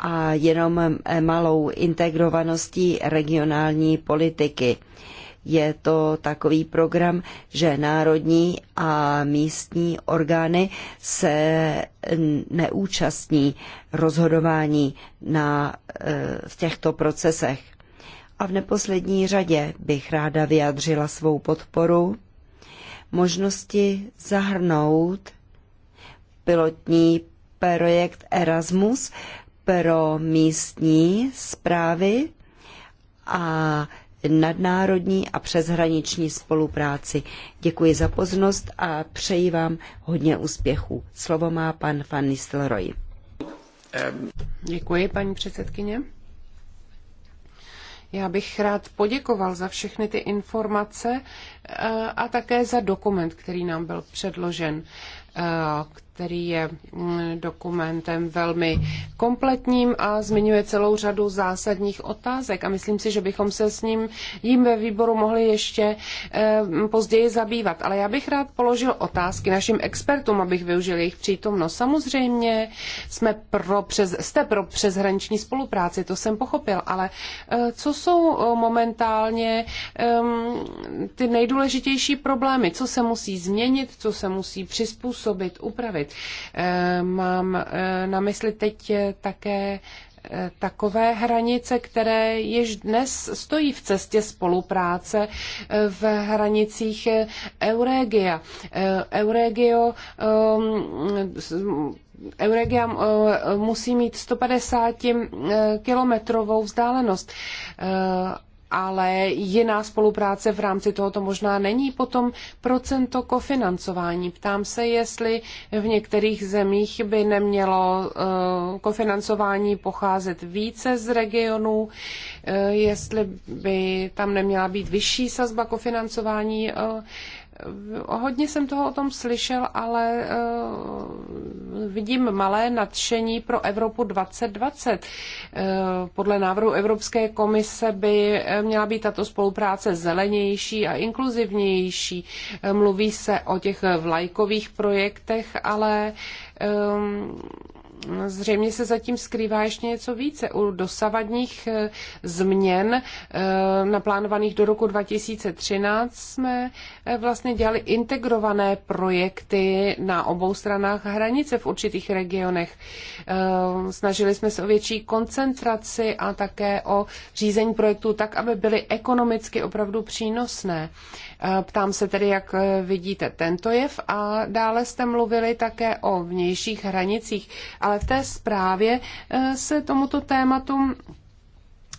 a jenom eh, malou integrovaností regionální politiky. Je to takový program, že národní a místní orgány se neúčastní rozhodování na, eh, v těchto procesech. A v neposlední řadě bych ráda vyjádřila svou podporu možnosti zahrnout pilotní projekt Erasmus pro místní zprávy a nadnárodní a přeshraniční spolupráci. Děkuji za pozornost a přeji vám hodně úspěchů. Slovo má pan Van Nistelrooy. Děkuji, paní předsedkyně. Já bych rád poděkoval za všechny ty informace eh, a také za dokument, který nám byl předložen, eh, který je mm, dokumentem velmi kompletním a zmiňuje celou řadu zásadních otázek a myslím si, že bychom se s ním jím ve výboru mohli ještě eh, později zabývat. Ale já bych rád položil otázky našim expertům, abych využil jejich přítomnost. Samozřejmě jsme pro přes, jste pro přeshraniční spolupráci, to jsem pochopil, ale eh, co jsou eh, momentálně ehm, ty nejdůležitější problémy, co se musí změnit, co se musí přizpůsobit, upravit. Eh, mám eh, na mysli teď eh, také takové hranice, které již dnes stojí v cestě spolupráce v hranicích Euregia. Euregio ehm, Euregia musí mít 150 kilometrovou vzdálenost ale jiná spolupráce v rámci tohoto možná není. Potom procento kofinancování. Ptám se, jestli v některých zemích by nemělo eh, kofinancování pocházet více z regionů, eh, jestli by tam neměla být vyšší sazba kofinancování. Uh, Hodně jsem toho o tom slyšel, ale eh, vidím malé nadšení pro Evropu 2020. Eh, podle návrhu Evropské komise by eh, měla být tato spolupráce zelenější a inkluzivnější. Mluví se o těch vlajkových projektech, ale um, Zřejmě se zatím skrývá ještě něco více. U dosavadních eh, změn eh, naplánovaných do roku 2013 jsme eh, vlastně dělali integrované projekty na obou stranách hranice v určitých regionech. Snažili jsme se o větší koncentraci a také o řízení projektů tak, aby byly ekonomicky opravdu přínosné. Eh, ptám se tedy, jak eh, vidíte tento jev a dále jste mluvili také o vnějších hranicích, ale v té zprávě eh, se tomuto tématu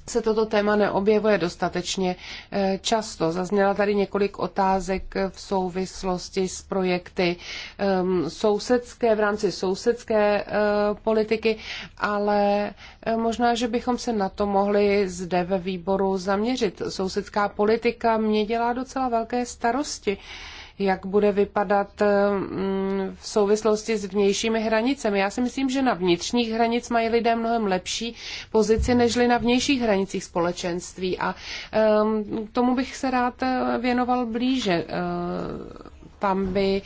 se toto téma neobjevuje dostatečně eh, často. Zazněla tady několik otázek v souvislosti s projekty ehm, sousedské v rámci sousedské eh, politiky, ale eh, možná, že bychom se na to mohli zde ve výboru zaměřit. Sousedská politika mě dělá docela velké starosti jak bude vypadat eh, mm, v souvislosti s vnějšími hranicemi. Já si myslím, že na vnitřních hranic mají lidé mnohem lepší pozici, nežli na vnějších hranicích společenství. A eh, tomu bych se rád eh, věnoval blíže tam by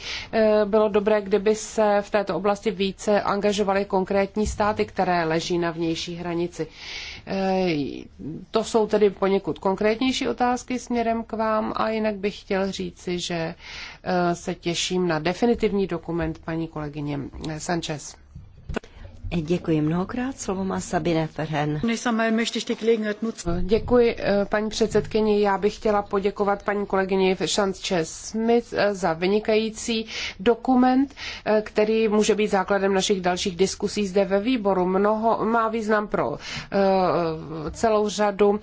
bylo dobré, kdyby se v této oblasti více angažovaly konkrétní státy, které leží na vnější hranici. Eh, to jsou tedy poněkud konkrétnější otázky směrem k vám a jinak bych chtěl říci, že eh, se těším na definitivní dokument paní kolegyně Sanchez. Děkuji mnohokrát. Slovo má Sabine Ferhen. Děkuji, eh, paní předsedkyni. Já bych chtěla poděkovat paní kolegyni Šance Smith eh, za vynikající dokument, eh, který může být základem našich dalších diskusí zde ve výboru. Mnoho má význam pro celou řadu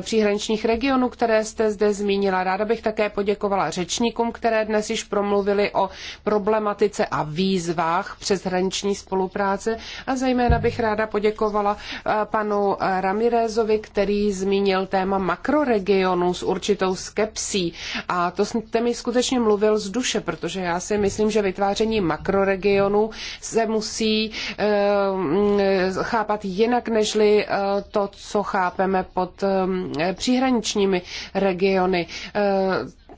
příhraničních regionů, které jste zde zmínila. Ráda bych také poděkovala řečníkům, které dnes již promluvili o problematice a výzvách přeshraniční spolupráce a zejména bych ráda poděkovala eh, panu eh, Ramirezovi, který zmínil téma makroregionu s určitou skepsí. A to jste mi skutečně mluvil z duše, protože já si myslím, že vytváření makroregionu se musí eh, mm, chápat jinak, nežli to, co chápeme pod příhraničními regiony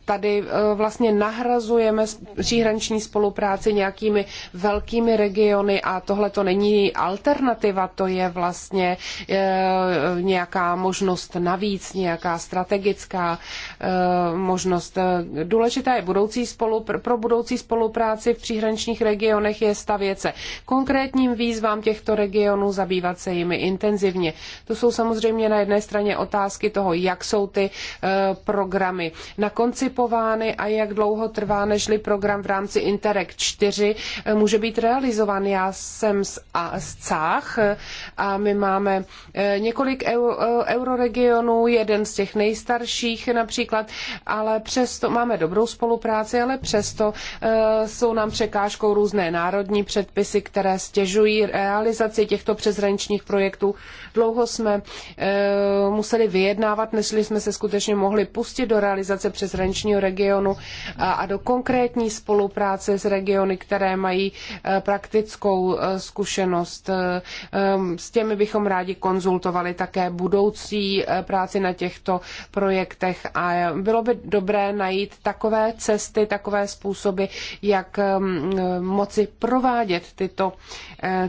tady eh, vlastně nahrazujeme příhraniční spolupráci nějakými velkými regiony a tohle to není alternativa, to je vlastně eh, nějaká možnost navíc, nějaká strategická eh, možnost. Důležitá je budoucí spolupr- pro budoucí spolupráci v příhraničních regionech je stavět se konkrétním výzvám těchto regionů, zabývat se jimi intenzivně. To jsou samozřejmě na jedné straně otázky toho, jak jsou ty programy na konci koncipovány a jak dlouho trvá, nežli program v rámci Interreg 4 eh, může být realizován. Já jsem z, a, z Cách eh, a my máme eh, několik euroregionů, jeden z těch nejstarších například, ale přesto máme dobrou spolupráci, ale přesto jsou nám překážkou různé národní předpisy, které stěžují realizaci těchto přezraničních projektů. Dlouho jsme museli vyjednávat, než jsme se skutečně mohli pustit do realizace přezraničních konvergenčního regionu a do konkrétní spolupráce s regiony, které mají e, praktickou e, zkušenost. E, s těmi bychom rádi konzultovali také budoucí práci na těchto projektech a bylo by dobré najít takové cesty, takové způsoby, jak moci provádět tyto,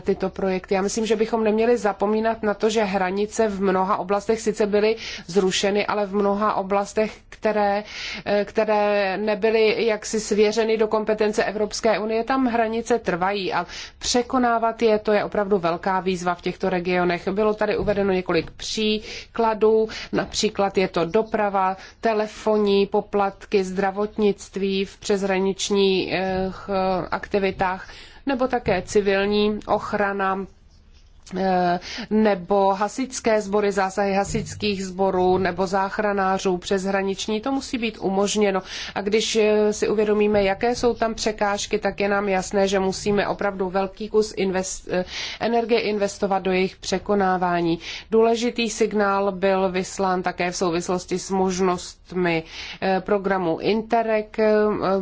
tyto projekty. Já myslím, že bychom neměli zapomínat na to, že hranice v mnoha oblastech sice byly zrušeny, ale v mnoha oblastech, které které nebyly jaksi svěřeny do kompetence Evropské unie, tam hranice trvají a překonávat je, to je opravdu velká výzva v těchto regionech. Bylo tady uvedeno několik příkladů, například je to doprava, telefonní poplatky, zdravotnictví v přeshraničních eh, aktivitách nebo také civilní ochrana Eh, nebo hasičské sbory, zásahy hasičských sborů nebo záchranářů přeshraniční, to musí být umožněno. A když eh, si uvědomíme, jaké jsou tam překážky, tak je nám jasné, že musíme opravdu velký kus invest, eh, energie investovat do jejich překonávání. Důležitý signál byl vyslán také v souvislosti s možnostmi programu Interreg,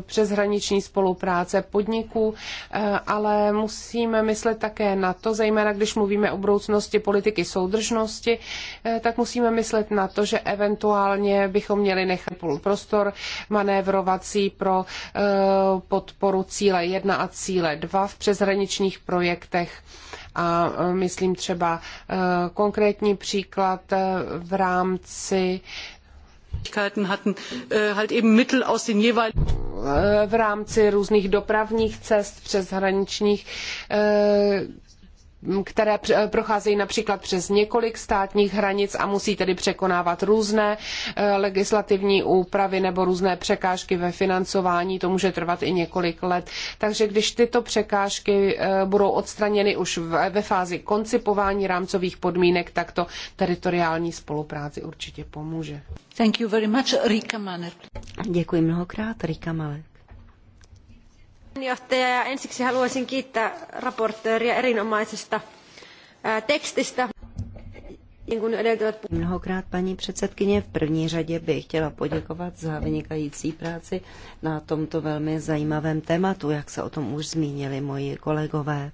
přeshraniční spolupráce podniků, ale musíme myslet také na to, zejména když mluvíme mluvíme o budoucnosti politiky soudržnosti, eh, tak musíme myslet na to, že eventuálně bychom měli nechat prostor manévrovací pro eh, podporu cíle 1 a cíle 2 v přeshraničních projektech a eh, myslím třeba konkrétní příklad v rámci äh, v rámci různých dopravních cest přeshraničních, které procházejí například přes několik státních hranic a musí tedy překonávat různé eh, legislativní úpravy nebo různé překážky ve financování. To může trvat i několik let. Takže když tyto překážky eh, budou odstraněny už ve fázi koncipování rámcových podmínek, tak to teritoriální spolupráci určitě pomůže. Thank you very much, Rika Maner. Děkuji mnohokrát, Rika Malek. Puheenjohtaja ja ensiksi haluaisin kiittää raportööriä erinomaisesta tekstistä. Mnohokrát paní předsedkyně, v první řadě bych chtěla poděkovat za vynikající práci na tomto velmi zajímavém tématu, jak se o tom už zmínili moji kolegové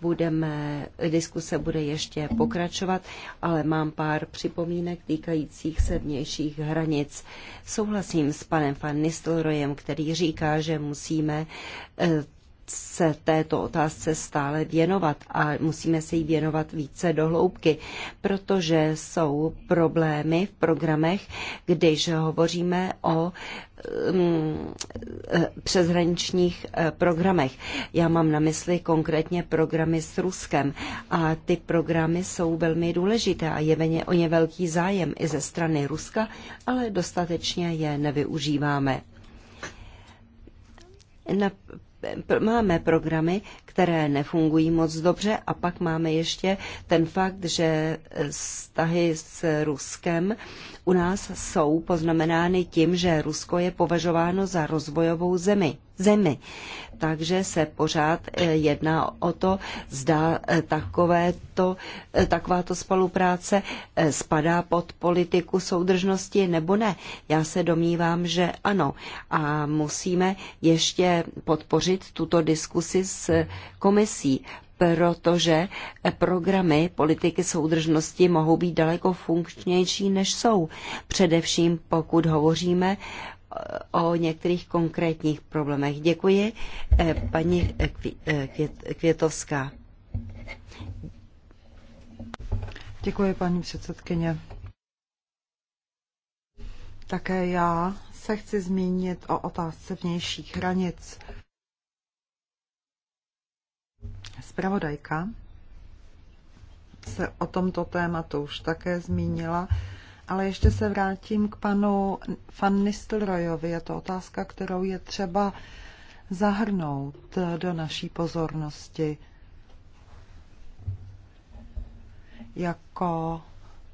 budeme, diskuse bude ještě pokračovat, ale mám pár připomínek týkajících se vnějších hranic. Souhlasím s panem Van Nistelrojem, který říká, že musíme eh, se této otázce stále věnovat a musíme se jí věnovat více do hloubky, protože jsou problémy v programech, když hovoříme o mm, eh, přeshraničních eh, programech. Já mám na mysli konkrétně programy s Ruskem a ty programy jsou velmi důležité a je o ně velký zájem i ze strany Ruska, ale dostatečně je nevyužíváme. Na máme programy, které nefungují moc dobře a pak máme ještě ten fakt, že vztahy s Ruskem u nás jsou poznamenány tím, že Rusko je považováno za rozvojovou zemi. zemi takže se pořád eh, jedná o to, zda eh, takovéto, eh, takováto spolupráce spadá pod politiku soudržnosti nebo ne. Já se domnívám, že ano. A musíme ještě podpořit tuto diskusi s komisí, protože programy politiky soudržnosti mohou být daleko funkčnější, než jsou. Především pokud hovoříme o některých konkrétních problémech. Děkuji, eh, paní eh, eh, Květovská. Děkuji, paní předsedkyně. Také já se chci zmínit o otázce vnějších hranic. Spravodajka se o tomto tématu už také zmínila. Ale ještě se vrátím k panu Van Nistelrojovi. Je to otázka, kterou je třeba zahrnout do naší pozornosti. Jako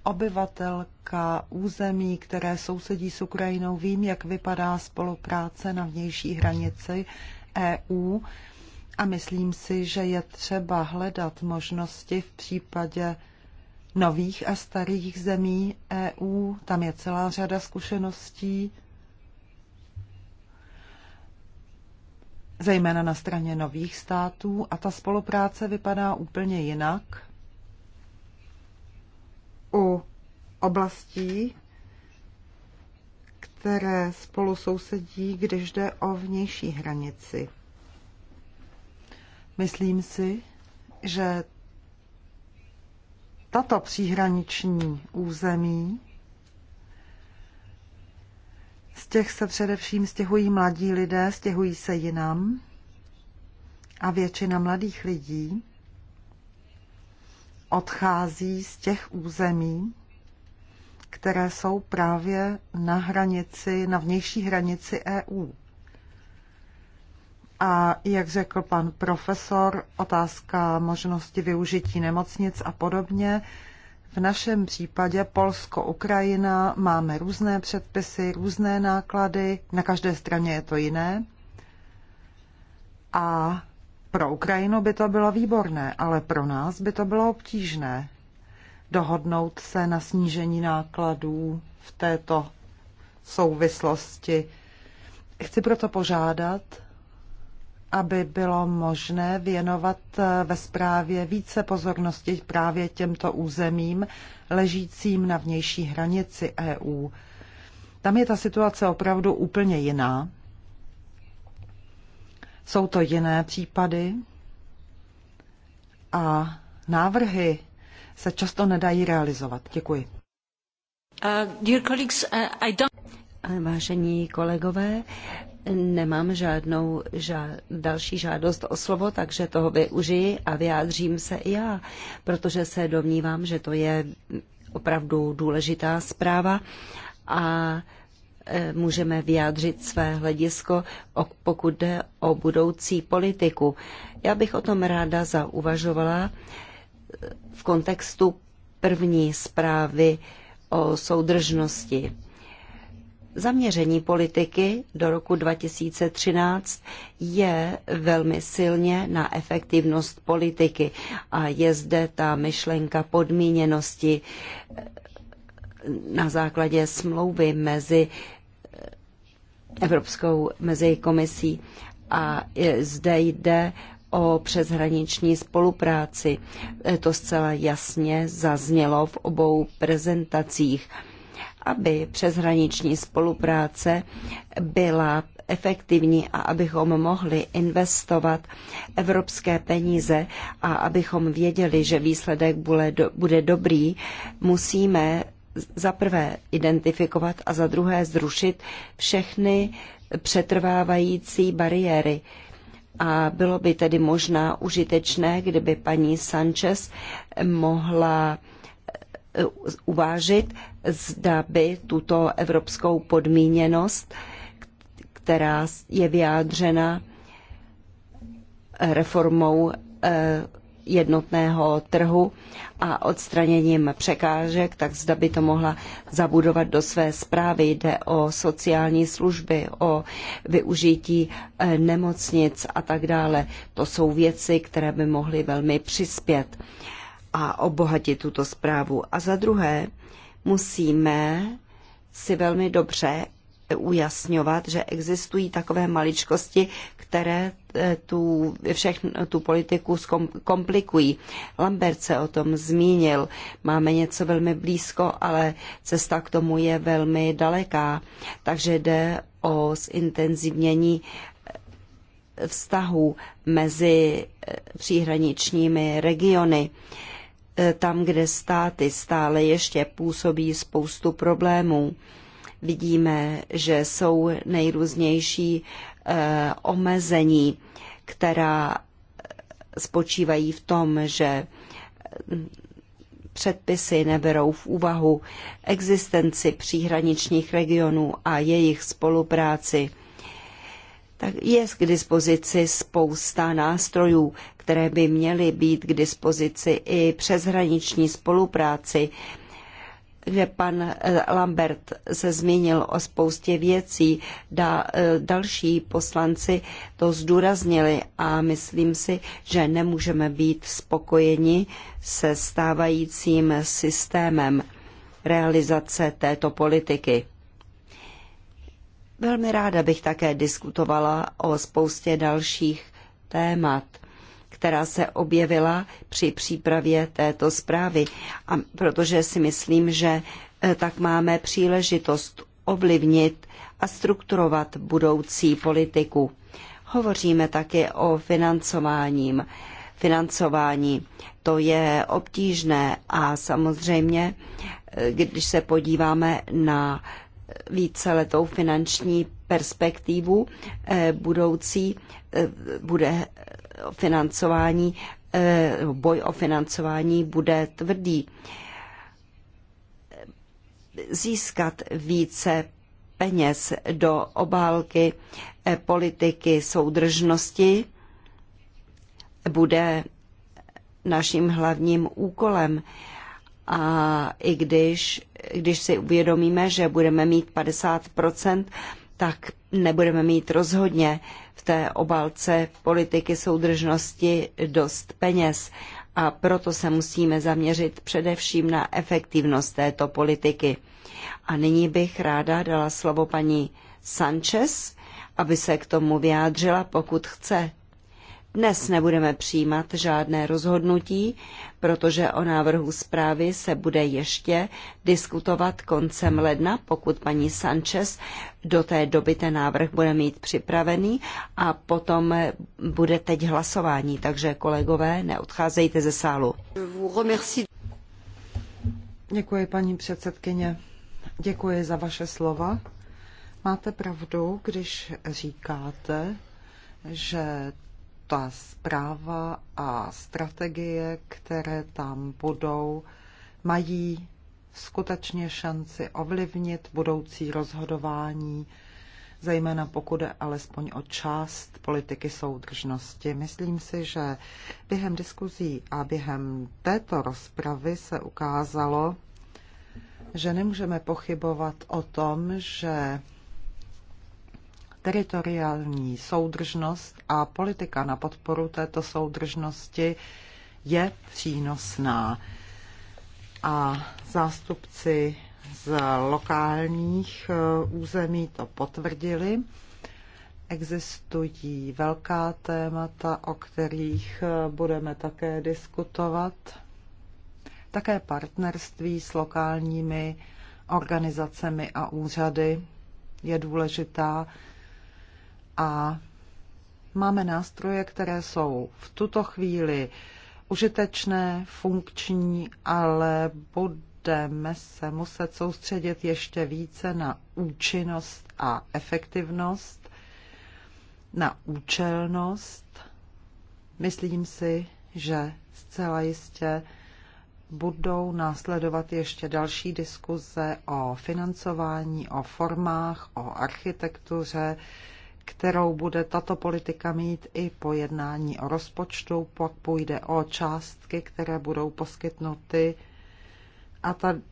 obyvatelka území, které sousedí s Ukrajinou, vím, jak vypadá spolupráce na vnější hranici EU a myslím si, že je třeba hledat možnosti v případě nových a starých zemí EU. Tam je celá řada zkušeností, zejména na straně nových států, a ta spolupráce vypadá úplně jinak. U oblastí, které spolu sousedí, když jde o vnější hranici. Myslím si, že tato příhraniční území z těch se především stěhují mladí lidé, stěhují se jinam a většina mladých lidí odchází z těch území, které jsou právě na hranici, na vnější hranici EU. A jak řekl pan profesor, otázka možnosti využití nemocnic a podobně. V našem případě Polsko-Ukrajina máme různé předpisy, různé náklady, na každé straně je to jiné. A pro Ukrajinu by to bylo výborné, ale pro nás by to bylo obtížné dohodnout se na snížení nákladů v této souvislosti. Chci proto požádat, aby bylo možné věnovat eh, ve zprávě více pozornosti právě těmto územím ležícím na vnější hranici EU. Tam je ta situace opravdu úplně jiná. Jsou to jiné případy a návrhy se často nedají realizovat. Děkuji. Uh, dear colleagues, uh, I don't... Vážení kolegové, Nemám žádnou ža- další žádost o slovo, takže toho využiji a vyjádřím se i já, protože se domnívám, že to je opravdu důležitá zpráva a e, můžeme vyjádřit své hledisko, pokud jde o budoucí politiku. Já bych o tom ráda zauvažovala e, v kontextu první zprávy o soudržnosti Zaměření politiky do roku 2013 je velmi silně na efektivnost politiky a je zde ta myšlenka podmíněnosti na základě smlouvy mezi eh, Evropskou mezi komisí a eh, zde jde o přeshraniční spolupráci. Eh, to zcela jasně zaznělo v obou prezentacích aby přeshraniční spolupráce byla efektivní a abychom mohli investovat evropské peníze a abychom věděli, že výsledek bude, do, bude dobrý, musíme za prvé identifikovat a za druhé zrušit všechny přetrvávající bariéry. A bylo by tedy možná užitečné, kdyby paní Sanchez mohla Eh, uvážit, zda by tuto evropskou podmíněnost, která je vyjádřena eh, reformou eh, jednotného trhu a odstraněním překážek, tak zda by to mohla zabudovat do své zprávy. Jde o sociální služby, o využití nemocnic a tak dále. To jsou věci, které by mohly velmi přispět. Uh, a obohatit tuto zprávu. A za druhé, musíme si velmi dobře ujasňovat, že existují takové maličkosti, které eh, tu, všechn, tu politiku komplikují. Lambert se o tom zmínil. Máme něco velmi blízko, ale cesta k tomu je velmi daleká. Takže jde o zintenzivnění eh, vztahu mezi eh, příhraničními regiony. Eh, tam, kde státy stále ještě působí spoustu problémů. Vidíme, že jsou nejrůznější eh, omezení, která eh, spočívají v tom, že předpisy neberou v úvahu existenci příhraničních regionů a jejich spolupráci. Tak je k dispozici spousta nástrojů, které by měly být k dispozici i přeshraniční spolupráci, že pan eh, Lambert se zmínil o spoustě věcí, da, eh, další poslanci to zdůraznili a myslím si, že nemůžeme být spokojeni se stávajícím systémem realizace této politiky. Velmi ráda bych také diskutovala o spoustě dalších témat – která se objevila při přípravě této zprávy. A protože si myslím, že eh, tak máme příležitost ovlivnit a strukturovat budoucí politiku. Hovoříme také o financováním. Financování to je obtížné a samozřejmě, eh, když se podíváme na eh, víceletou finanční perspektivu budoucí, bude financování, eh, boj o financování bude tvrdý. Získat více peněz do obálky eh, politiky soudržnosti bude naším hlavním úkolem. A i když, když si uvědomíme, že budeme mít 50 tak nebudeme mít rozhodně v té obalce politiky soudržnosti dost peněz a proto se musíme zaměřit především na efektivnost této politiky. A nyní bych ráda dala slovo paní Sanchez, aby se k tomu vyjádřila, pokud chce. Dnes nebudeme přijímat žádné rozhodnutí, protože o návrhu zprávy se bude ještě diskutovat koncem ledna, pokud paní Sanchez do té doby ten návrh bude mít připravený a potom bude teď hlasování. Takže kolegové, neodcházejte ze sálu. Děkuji, paní předsedkyně. Děkuji za vaše slova. Máte pravdu, když říkáte, že ta zpráva a strategie, které tam budou, mají skutečně šanci ovlivnit budoucí rozhodování, zejména pokud je alespoň o část politiky soudržnosti. Myslím si, že během diskuzí a během této rozpravy se ukázalo, že nemůžeme pochybovat o tom, že teritoriální soudržnost a politika na podporu této soudržnosti je přínosná. A zástupci z lokálních e, území to potvrdili. Existují velká témata, o kterých e, budeme také diskutovat. Také partnerství s lokálními organizacemi a úřady je důležitá a máme nástroje, které jsou v tuto chvíli užitečné, funkční, ale budeme se muset soustředit ještě více na účinnost a efektivnost, na účelnost. Myslím si, že zcela jistě budou následovat ještě další diskuze o financování, o formách, o architektuře, kterou bude tato politika mít i po jednání o rozpočtu, pak půjde o částky, které budou poskytnuty a tady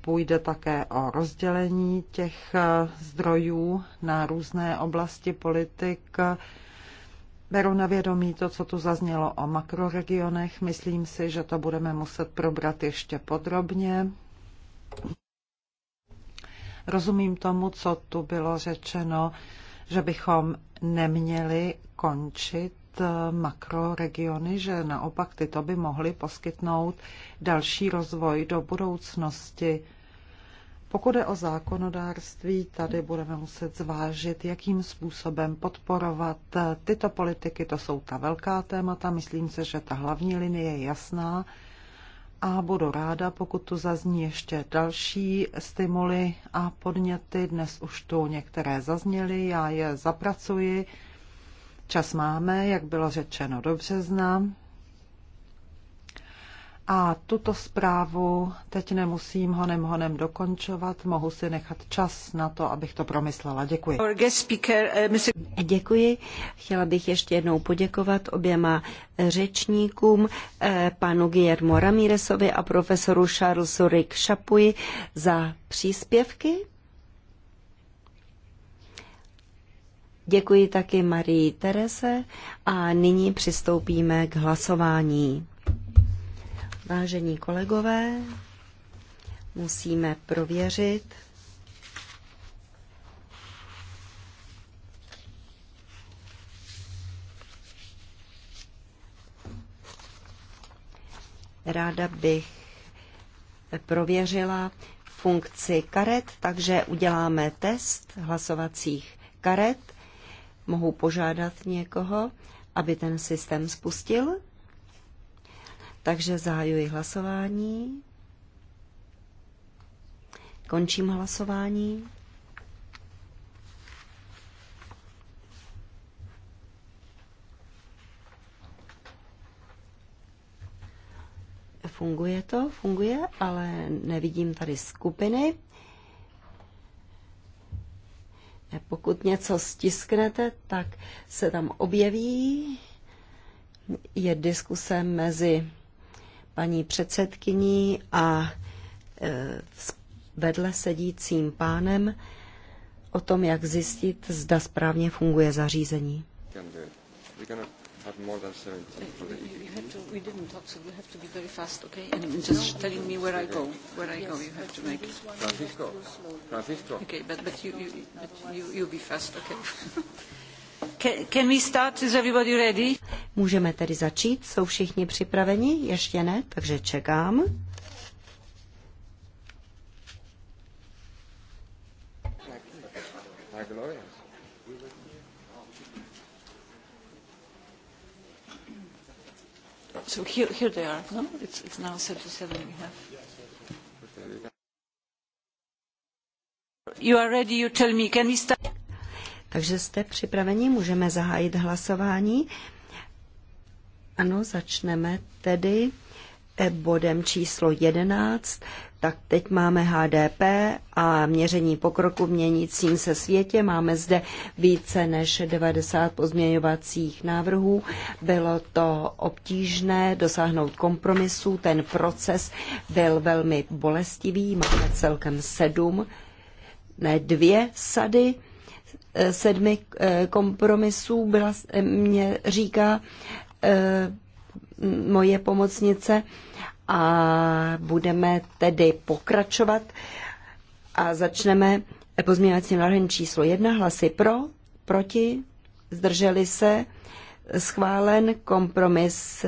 půjde také o rozdělení těch eh, zdrojů na různé oblasti politik. Beru na vědomí to, co tu zaznělo o makroregionech. Myslím si, že to budeme muset probrat ještě podrobně. Rozumím tomu, co tu bylo řečeno že bychom neměli končit eh, makroregiony, že naopak tyto by mohly poskytnout další rozvoj do budoucnosti. Pokud je o zákonodárství, tady budeme muset zvážit, jakým způsobem podporovat eh, tyto politiky. To jsou ta velká témata. Myslím se, že ta hlavní linie je jasná a budu ráda, pokud tu zazní ještě další stimuly a podněty. Dnes už tu některé zazněly, já je zapracuji. Čas máme, jak bylo řečeno do března. A tuto zprávu teď nemusím honem honem dokončovat, mohu si nechat čas na to, abych to promyslela. Děkuji. Děkuji. Chtěla bych ještě jednou poděkovat oběma řečníkům, eh, panu Guillermo Ramíresovi a profesoru Charlesu Rick Šapuji za příspěvky. Děkuji taky Marii Terese a nyní přistoupíme k hlasování. Vážení kolegové, musíme prověřit. Ráda bych prověřila funkci karet, takže uděláme test hlasovacích karet. Mohu požádat někoho, aby ten systém spustil. Takže zahajuji hlasování. Končím hlasování. Funguje to, funguje, ale nevidím tady skupiny. Pokud něco stisknete, tak se tam objeví. Je diskuse mezi paní předsedkyní a e, vedle sedícím pánem o tom, jak zjistit, zda správně funguje zařízení. Francisco. Francisco. Okay, but but you you but you be fast, okay? [LAUGHS] Can, we start? Is everybody ready? Můžeme tedy začít, jsou všichni připraveni? Ještě ne, takže čekám. So here, here they are, no? It's, it's now 37 we have. You are ready, you tell me, can we start? Takže jste připraveni, můžeme zahájit hlasování. Ano, začneme tedy eh, bodem číslo 11. Tak teď máme HDP a měření pokroku v měnícím se světě. Máme zde více než 90 pozměňovacích návrhů. Bylo to obtížné dosáhnout kompromisu. Ten proces byl velmi bolestivý. Máme celkem sedm, ne dvě sady sedmi eh, kompromisů byla, eh, mě říká eh, moje pomocnice a budeme tedy pokračovat a začneme pozměňovacím návrhem číslo jedna. Hlasy pro, proti, zdrželi se, schválen kompromis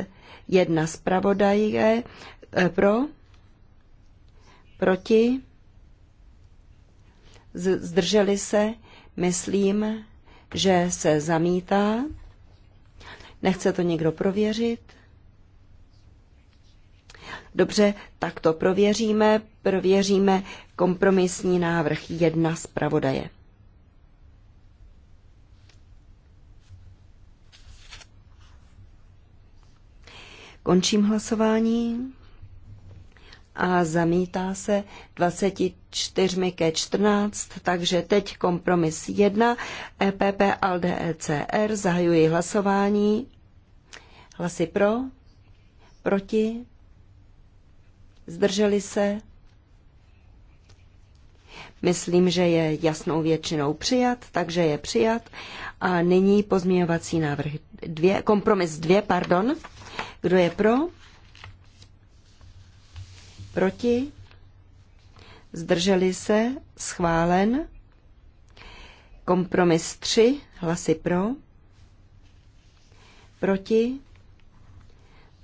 jedna zpravodajé pro, proti, zdrželi se, Myslím, že se zamítá. Nechce to někdo prověřit? Dobře, tak to prověříme. Prověříme kompromisní návrh jedna pravodaje. Končím hlasování a zamítá se 24 ke 14, takže teď kompromis 1, EPP, ALDE, ECR, zahajuji hlasování. Hlasy pro, proti, zdrželi se. Myslím, že je jasnou většinou přijat, takže je přijat. A nyní pozměňovací návrh dvě, kompromis 2, pardon. Kdo je pro? proti, zdrželi se, schválen. Kompromis 3, hlasy pro, proti,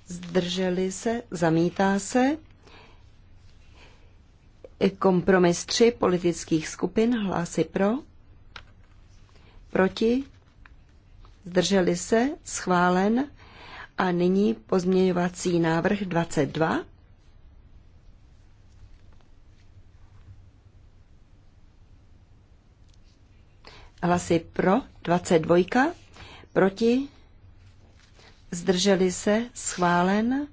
zdrželi se, zamítá se. Kompromis 3 politických skupin, hlasy pro, proti, zdrželi se, schválen. A nyní pozměňovací návrh 22. hlasy pro, 22, proti, zdrželi se, schválen,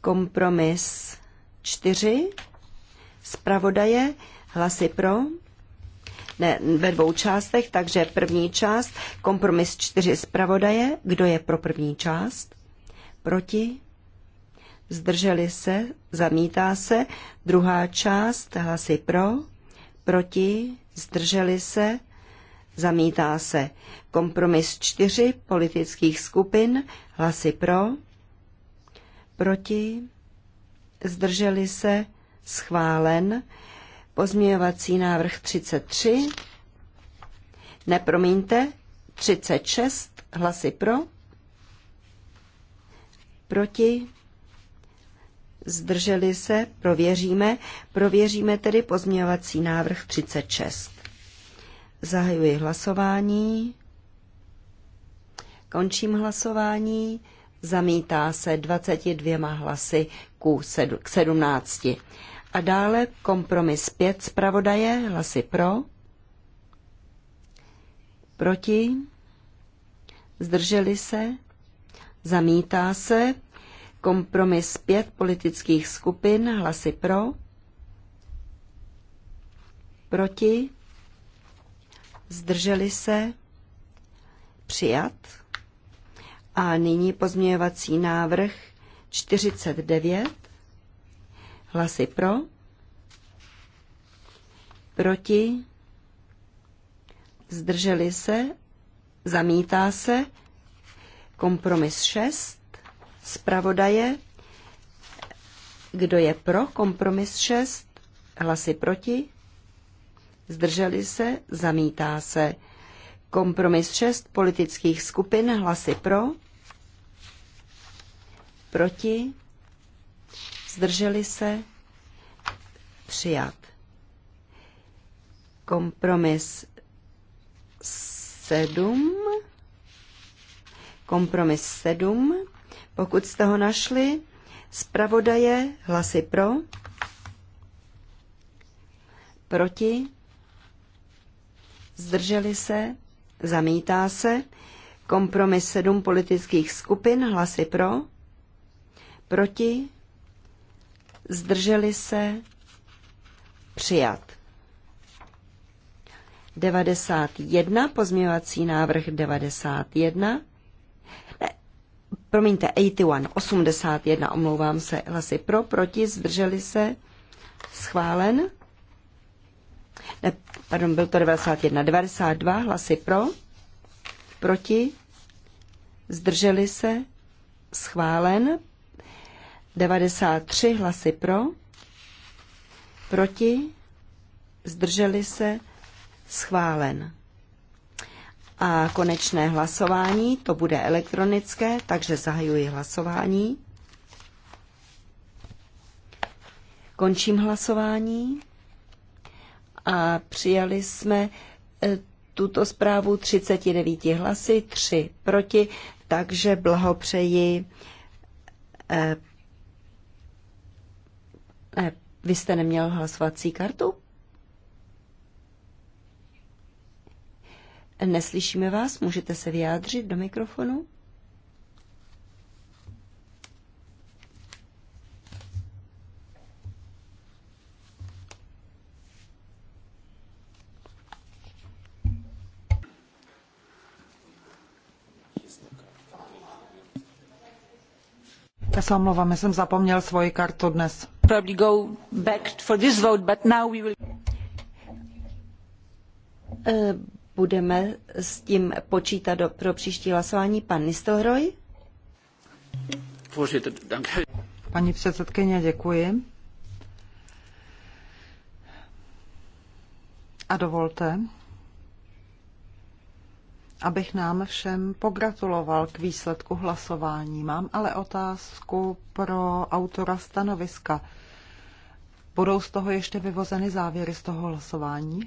kompromis 4, zpravodaje, hlasy pro, ne, ve dvou částech, takže první část, kompromis 4 zpravodaje, kdo je pro první část, proti, zdrželi se, zamítá se, druhá část, hlasy pro, proti, zdrželi se, zamítá se. Kompromis čtyři politických skupin, hlasy pro, proti, zdrželi se, schválen. Pozměňovací návrh 33, nepromiňte, 36, hlasy pro, proti, zdrželi se, prověříme, prověříme tedy pozměňovací návrh 36. Zahajuji hlasování, končím hlasování, zamítá se 22 hlasy k 17. A dále kompromis 5 zpravodaje, hlasy pro, proti, zdrželi se, zamítá se Kompromis pět politických skupin, hlasy pro, proti, zdrželi se, přijat. A nyní pozměňovací návrh 49, hlasy pro, proti, zdrželi se, zamítá se, kompromis 6, zpravodaje. Kdo je pro kompromis 6? Hlasy proti? Zdrželi se? Zamítá se. Kompromis 6 politických skupin. Hlasy pro? Proti? Zdrželi se? Přijat. Kompromis 7. Kompromis 7. Pokud jste ho našli, zpravodaje hlasy pro, proti, zdrželi se, zamítá se, kompromis sedm politických skupin, hlasy pro, proti, zdrželi se, přijat. 91, pozměvací návrh 91, promiňte, 81, 81, omlouvám se, hlasy pro, proti, zdrželi se, schválen. Ne, pardon, byl to 91, 92, hlasy pro, proti, zdrželi se, schválen. 93 hlasy pro, proti, zdrželi se, schválen. A konečné hlasování, to bude elektronické, takže zahajuji hlasování. Končím hlasování. A přijali jsme e, tuto zprávu 39 hlasy, 3 proti, takže blahopřeji. E, e, vy jste neměl hlasovací kartu? Neslyšíme vás, můžete se vyjádřit do mikrofonu? Já se omlouvám, já jsem zapomněl svoji kartu dnes. Probably go back for this vote, but now we will... Eh, budeme s tím počítat do, pro příští hlasování. Pan Nistohroj? Paní předsedkyně, děkuji. A dovolte, abych nám všem pogratuloval k výsledku hlasování. Mám ale otázku pro autora stanoviska. Budou z toho ještě vyvozeny závěry z toho hlasování?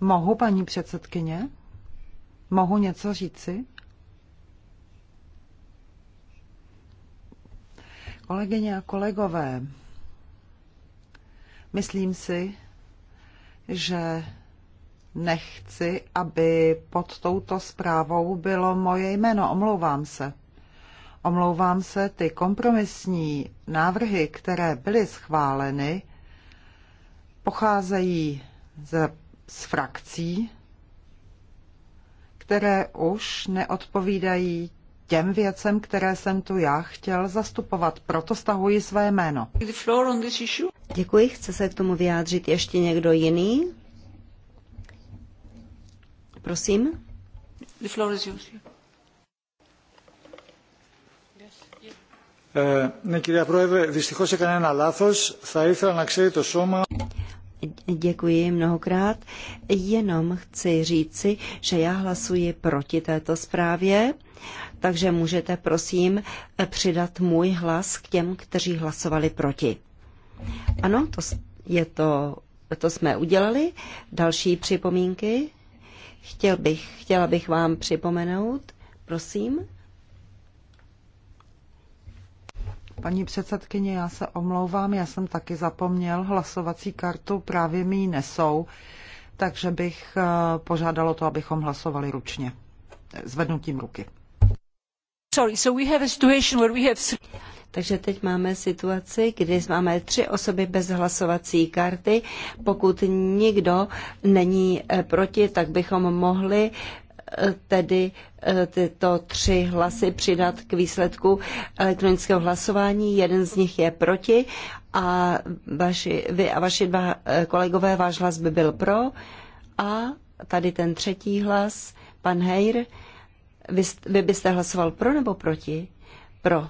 Mohu, paní předsedkyně? Mohu něco říci? Kolegyně a kolegové, myslím si, že nechci, aby pod touto zprávou bylo moje jméno. Omlouvám se. Omlouvám se, ty kompromisní návrhy, které byly schváleny, pocházejí ze z frakcí, které už neodpovídají těm věcem, které jsem tu já chtěl zastupovat. Proto stahuji své jméno. Děkuji. Chce se k tomu vyjádřit ještě někdo jiný? Prosím. The floor is yours. Ναι, κυρία Πρόεδρε, δυστυχώς έκανα ένα λάθος. Θα ήθελα να ξέρει το σώμα... Děkuji mnohokrát. Jenom chci říci, že já hlasuji proti této zprávě, takže můžete prosím přidat můj hlas k těm, kteří hlasovali proti. Ano, to je to, to jsme udělali. Další připomínky? Chtěl bych, chtěla bych vám připomenout, prosím. Paní předsedkyně, já se omlouvám, já jsem taky zapomněl hlasovací kartu, právě mi ji nesou, takže bych eh, požádalo to, abychom hlasovali ručně, eh, zvednutím ruky. Sorry, so we have a situation where we have... Takže teď máme situaci, kdy máme tři osoby bez hlasovací karty. Pokud nikdo není eh, proti, tak bychom mohli tedy eh, tyto tři hlasy přidat k výsledku elektronického hlasování. Jeden z nich je proti a vaši, vy a vaši dva eh, kolegové, váš hlas by byl pro. A tady ten třetí hlas, pan Heir, vy, vy byste hlasoval pro nebo proti? Pro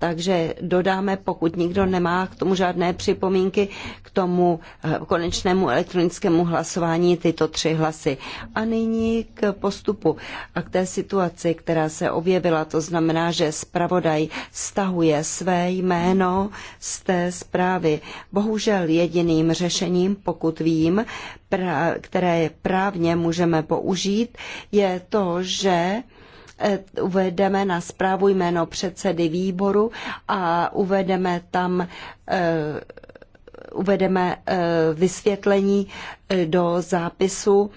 takže dodáme, pokud nikdo nemá k tomu žádné připomínky, k tomu eh, konečnému elektronickému hlasování tyto tři hlasy. A nyní k postupu a k té situaci, která se objevila. To znamená, že zpravodaj stahuje své jméno z té zprávy. Bohužel jediným řešením, pokud vím, které právně můžeme použít, je to, že Eh, uvedeme na zprávu jméno předsedy výboru a uvedeme tam eh, uvedeme eh, vysvětlení do zápisu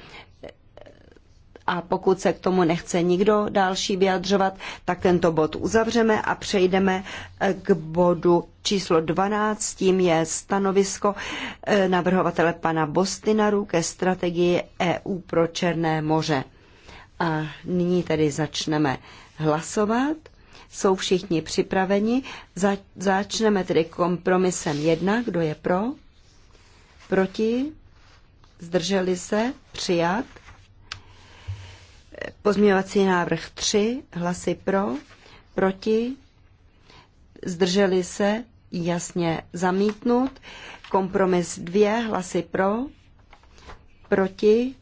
a pokud se k tomu nechce nikdo další vyjadřovat, tak tento bod uzavřeme a přejdeme k bodu číslo 12. Tím je stanovisko navrhovatele pana Bostinaru ke strategii EU pro Černé moře. A nyní tedy začneme hlasovat. Jsou všichni připraveni. Za, začneme tedy kompromisem Jedna, Kdo je pro? Proti? Zdrželi se? Přijat? Pozměňovací návrh 3. Hlasy pro? Proti? Zdrželi se? Jasně zamítnut. Kompromis 2. Hlasy pro? Proti?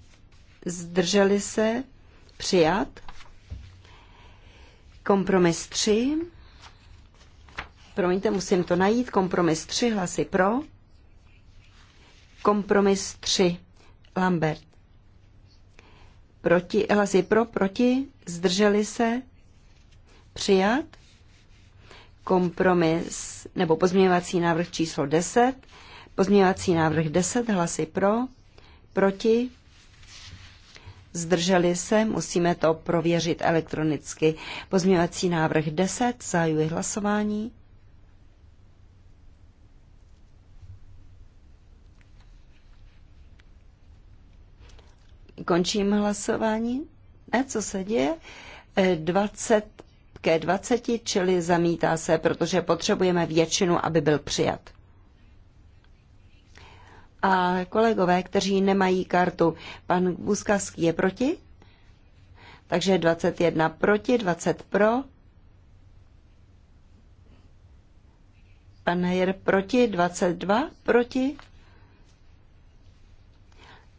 Zdrželi se? přijat. Kompromis 3. Promiňte, musím to najít. Kompromis 3, hlasy pro. Kompromis 3, Lambert. Proti, hlasy pro, proti, zdrželi se, přijat. Kompromis nebo pozměňovací návrh číslo 10. Pozměňovací návrh 10, hlasy pro, proti, zdrželi se, musíme to prověřit elektronicky. Pozměňovací návrh 10, zájuje hlasování. Končím hlasování. Ne, co se děje? 20 eh, ke 20, čili zamítá se, protože potřebujeme většinu, aby byl přijat a kolegové, kteří nemají kartu. Pan Buskaský je proti, takže 21 proti, 20 pro. Pan Hejer proti, 22 proti.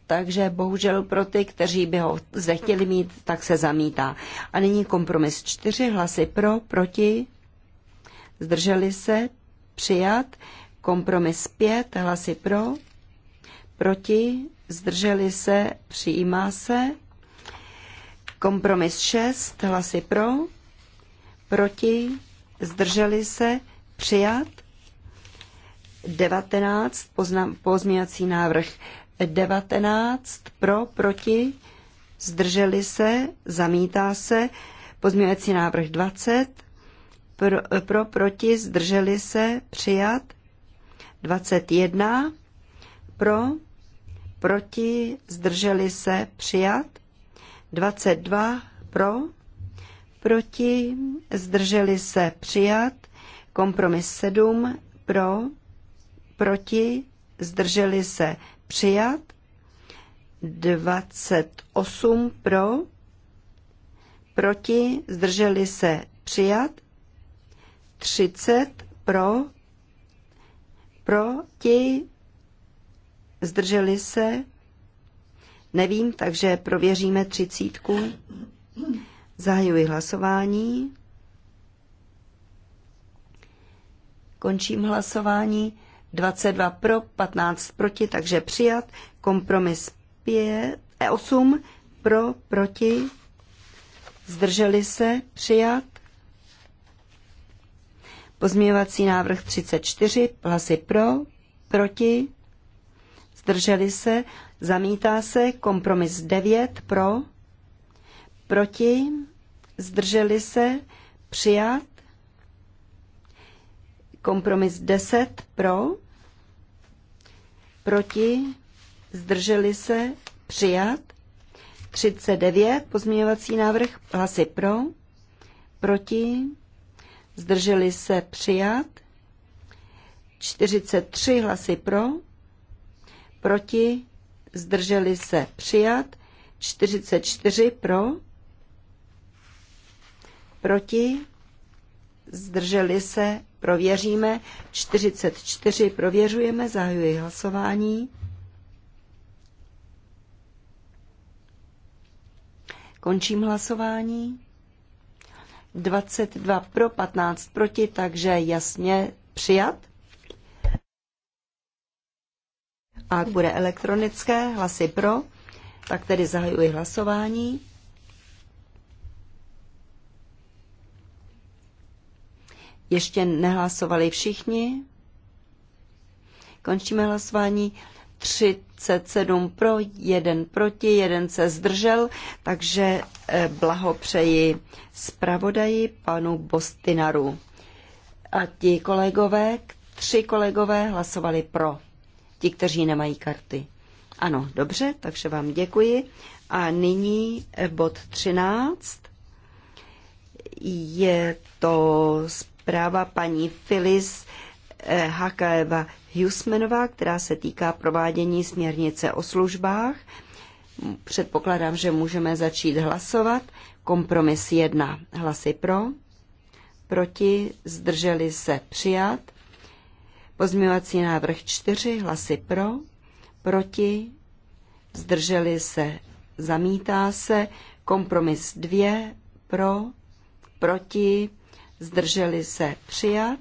Takže bohužel pro ty, kteří by ho zde chtěli mít, tak se zamítá. A nyní kompromis. Čtyři hlasy pro, proti, zdrželi se, přijat. Kompromis pět, hlasy pro, proti, zdrželi se, přijímá se. Kompromis 6, hlasy pro, proti, zdrželi se, přijat. 19, poznám, pozměňovací návrh 19, pro, proti, zdrželi se, zamítá se. Pozměňovací návrh 20, pro, pro proti, zdrželi se, přijat. 21, pro, proti, zdrželi se, přijat. 22 pro, proti, zdrželi se, přijat. Kompromis 7 pro, proti, zdrželi se, přijat. 28 pro, proti, zdrželi se, přijat. 30 pro, proti, zdrželi se, nevím, takže prověříme třicítku. Zahajuji hlasování. Končím hlasování. 22 pro, 15 proti, takže přijat. Kompromis 5, 8 pro, proti. Zdrželi se, přijat. Pozměňovací návrh 34, hlasy pro, proti zdrželi se, zamítá se, kompromis 9 pro, proti, zdrželi se, přijat, kompromis 10 pro, proti, zdrželi se, přijat, 39 pozměňovací návrh, hlasy pro, proti, zdrželi se, přijat, 43 hlasy pro, proti, zdrželi se přijat, 44 pro, proti, zdrželi se, prověříme, 44 prověřujeme, zahajuji hlasování. Končím hlasování. 22 pro, 15 proti, takže jasně přijat. A bude elektronické, hlasy pro, tak tedy zahajuji hlasování. Ještě nehlasovali všichni. Končíme hlasování. 37 pro, 1 proti, 1 se zdržel, takže eh, blahopřeji zpravodaji panu Bostinaru. A ti kolegové, tři kolegové hlasovali pro ti, kteří nemají karty. Ano, dobře, takže vám děkuji. A nyní eh, bod 13. Je to zpráva paní Filis Hakaeva eh, Husmanová, která se týká provádění směrnice o službách. Předpokládám, že můžeme začít hlasovat. Kompromis 1. Hlasy pro, proti, zdrželi se přijat. Pozměňovací návrh 4, hlasy pro, proti, zdrželi se, zamítá se. Kompromis 2, pro, proti, zdrželi se, přijat.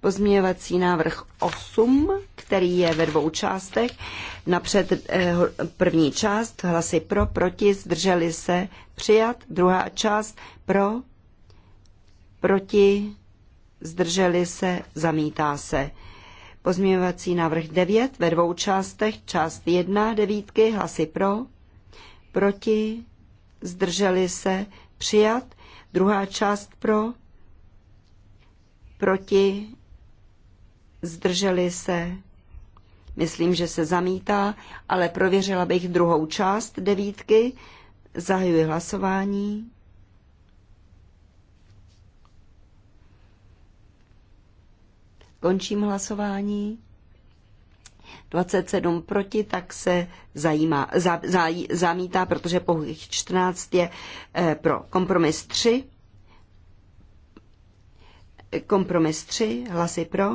Pozměňovací návrh 8, který je ve dvou částech. Napřed eh, první část, hlasy pro, proti, zdrželi se, přijat. Druhá část, pro, proti, zdrželi se, zamítá se. Pozměňovací návrh 9 ve dvou částech, část 1 devítky, hlasy pro, proti, zdrželi se, přijat, druhá část pro, proti, zdrželi se, myslím, že se zamítá, ale prověřila bych druhou část devítky, zahajuji hlasování. Končím hlasování. 27 proti, tak se zajímá, za, za, zamítá, protože pouhých 14 je eh, pro kompromis 3. Kompromis 3, hlasy pro,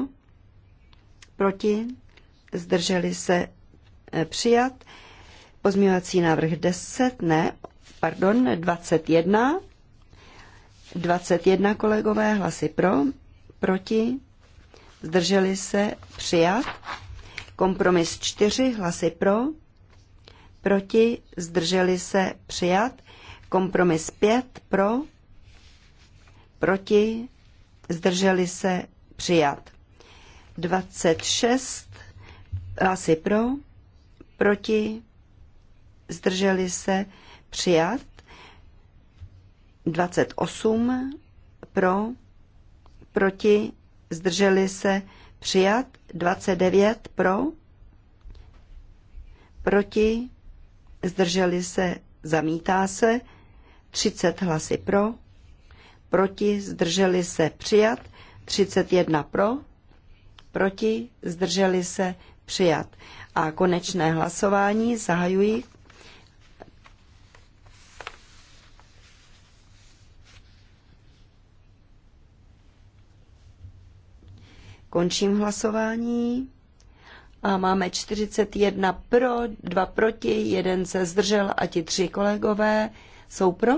proti, zdrželi se eh, přijat. Pozměňovací návrh 10, ne, pardon, 21. 21 kolegové, hlasy pro, proti, zdrželi se, přijat. Kompromis 4, hlasy pro, proti, zdrželi se, přijat. Kompromis 5, pro, proti, zdrželi se, přijat. 26, hlasy pro, proti, zdrželi se, přijat. 28, pro, proti, zdrželi se přijat, 29 pro, proti, zdrželi se, zamítá se, 30 hlasy pro, proti, zdrželi se, přijat, 31 pro, proti, zdrželi se, přijat. A konečné hlasování zahajují. Končím hlasování. A máme 41 pro, 2 proti, jeden se zdržel a ti tři kolegové jsou pro.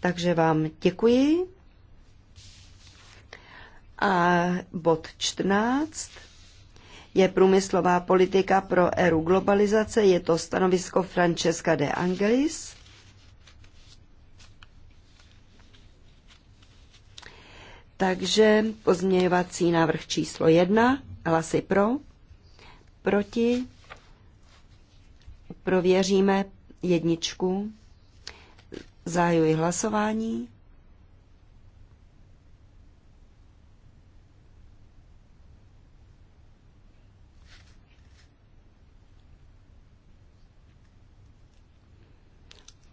Takže vám děkuji. A bod 14 je průmyslová politika pro éru globalizace. Je to stanovisko Francesca de Angelis. Takže pozměňovací návrh číslo jedna, hlasy pro, proti, prověříme jedničku, zahajuji hlasování.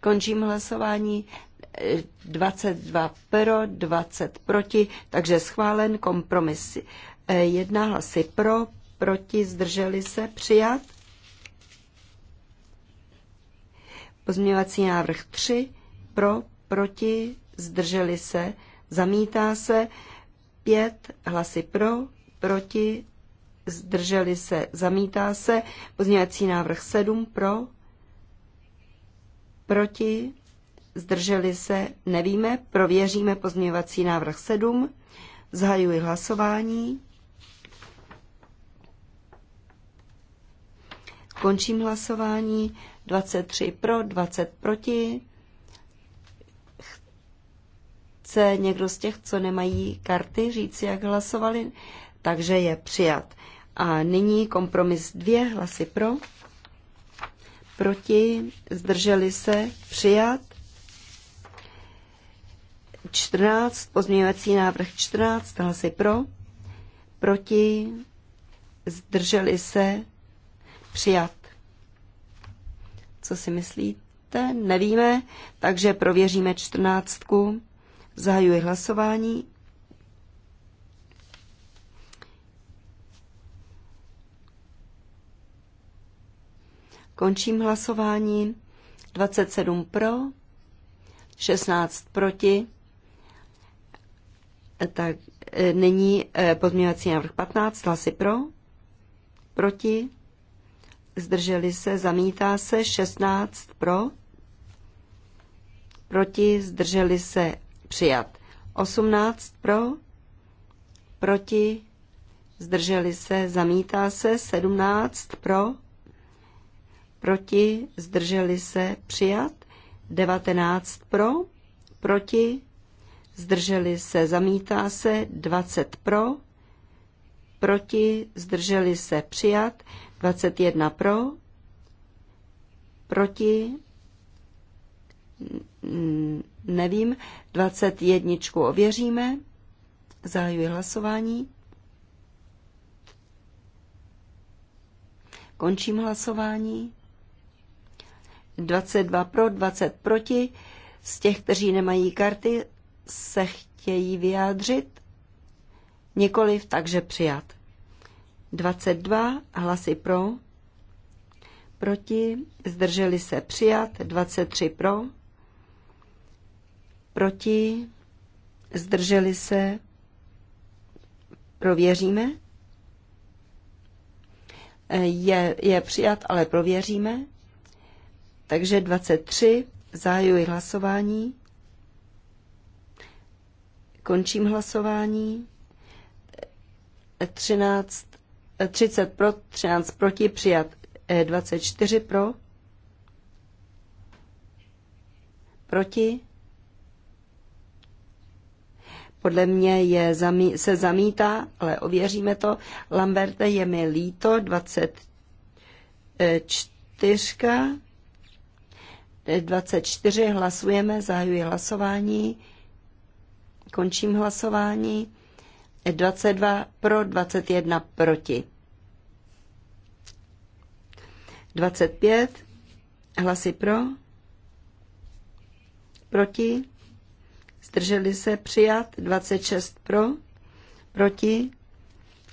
Končím hlasování. 22 pro, 20 proti, takže schválen kompromis. E, jedna hlasy pro, proti, zdrželi se, přijat. Pozměňovací návrh 3, pro, proti, zdrželi se, zamítá se, 5 hlasy pro, proti, zdrželi se, zamítá se, pozměňovací návrh 7 pro, proti, zdrželi se, nevíme, prověříme pozměňovací návrh 7, zahajuji hlasování, končím hlasování, 23 pro, 20 proti, chce někdo z těch, co nemají karty, říct, jak hlasovali, takže je přijat. A nyní kompromis dvě hlasy pro, proti, zdrželi se, přijat. 14, pozměňovací návrh 14, hlasy pro, proti, zdrželi se, přijat. Co si myslíte? Nevíme, takže prověříme čtrnáctku. Zahajuji hlasování. Končím hlasování. 27 pro, 16 proti. Tak e, nyní e, pozměňovací návrh 15, hlasy pro, proti, zdrželi se, zamítá se, 16 pro, proti, zdrželi se, přijat. 18 pro, proti, zdrželi se, zamítá se, 17 pro, proti, zdrželi se, přijat, 19 pro, proti, zdrželi se, zamítá se, 20 pro, proti, zdrželi se, přijat, 21 pro, proti, nevím, 21 ověříme, zahajuji hlasování, končím hlasování, 22 pro, 20 proti, z těch, kteří nemají karty, se chtějí vyjádřit? Nikoliv, takže přijat. 22 hlasy pro, proti, zdrželi se přijat, 23 pro, proti, zdrželi se, prověříme. Je, je přijat, ale prověříme. Takže 23, zahajuji hlasování. Končím hlasování. 13, 30 pro, 13 proti, přijat 24 e pro. Proti. Podle mě je, zamí, se zamítá, ale ověříme to. Lamberte je mi líto, 24. 24 e hlasujeme, zahajuji hlasování. Končím hlasování. 22 pro, 21 proti. 25 hlasy pro, proti, zdrželi se přijat, 26 pro, proti,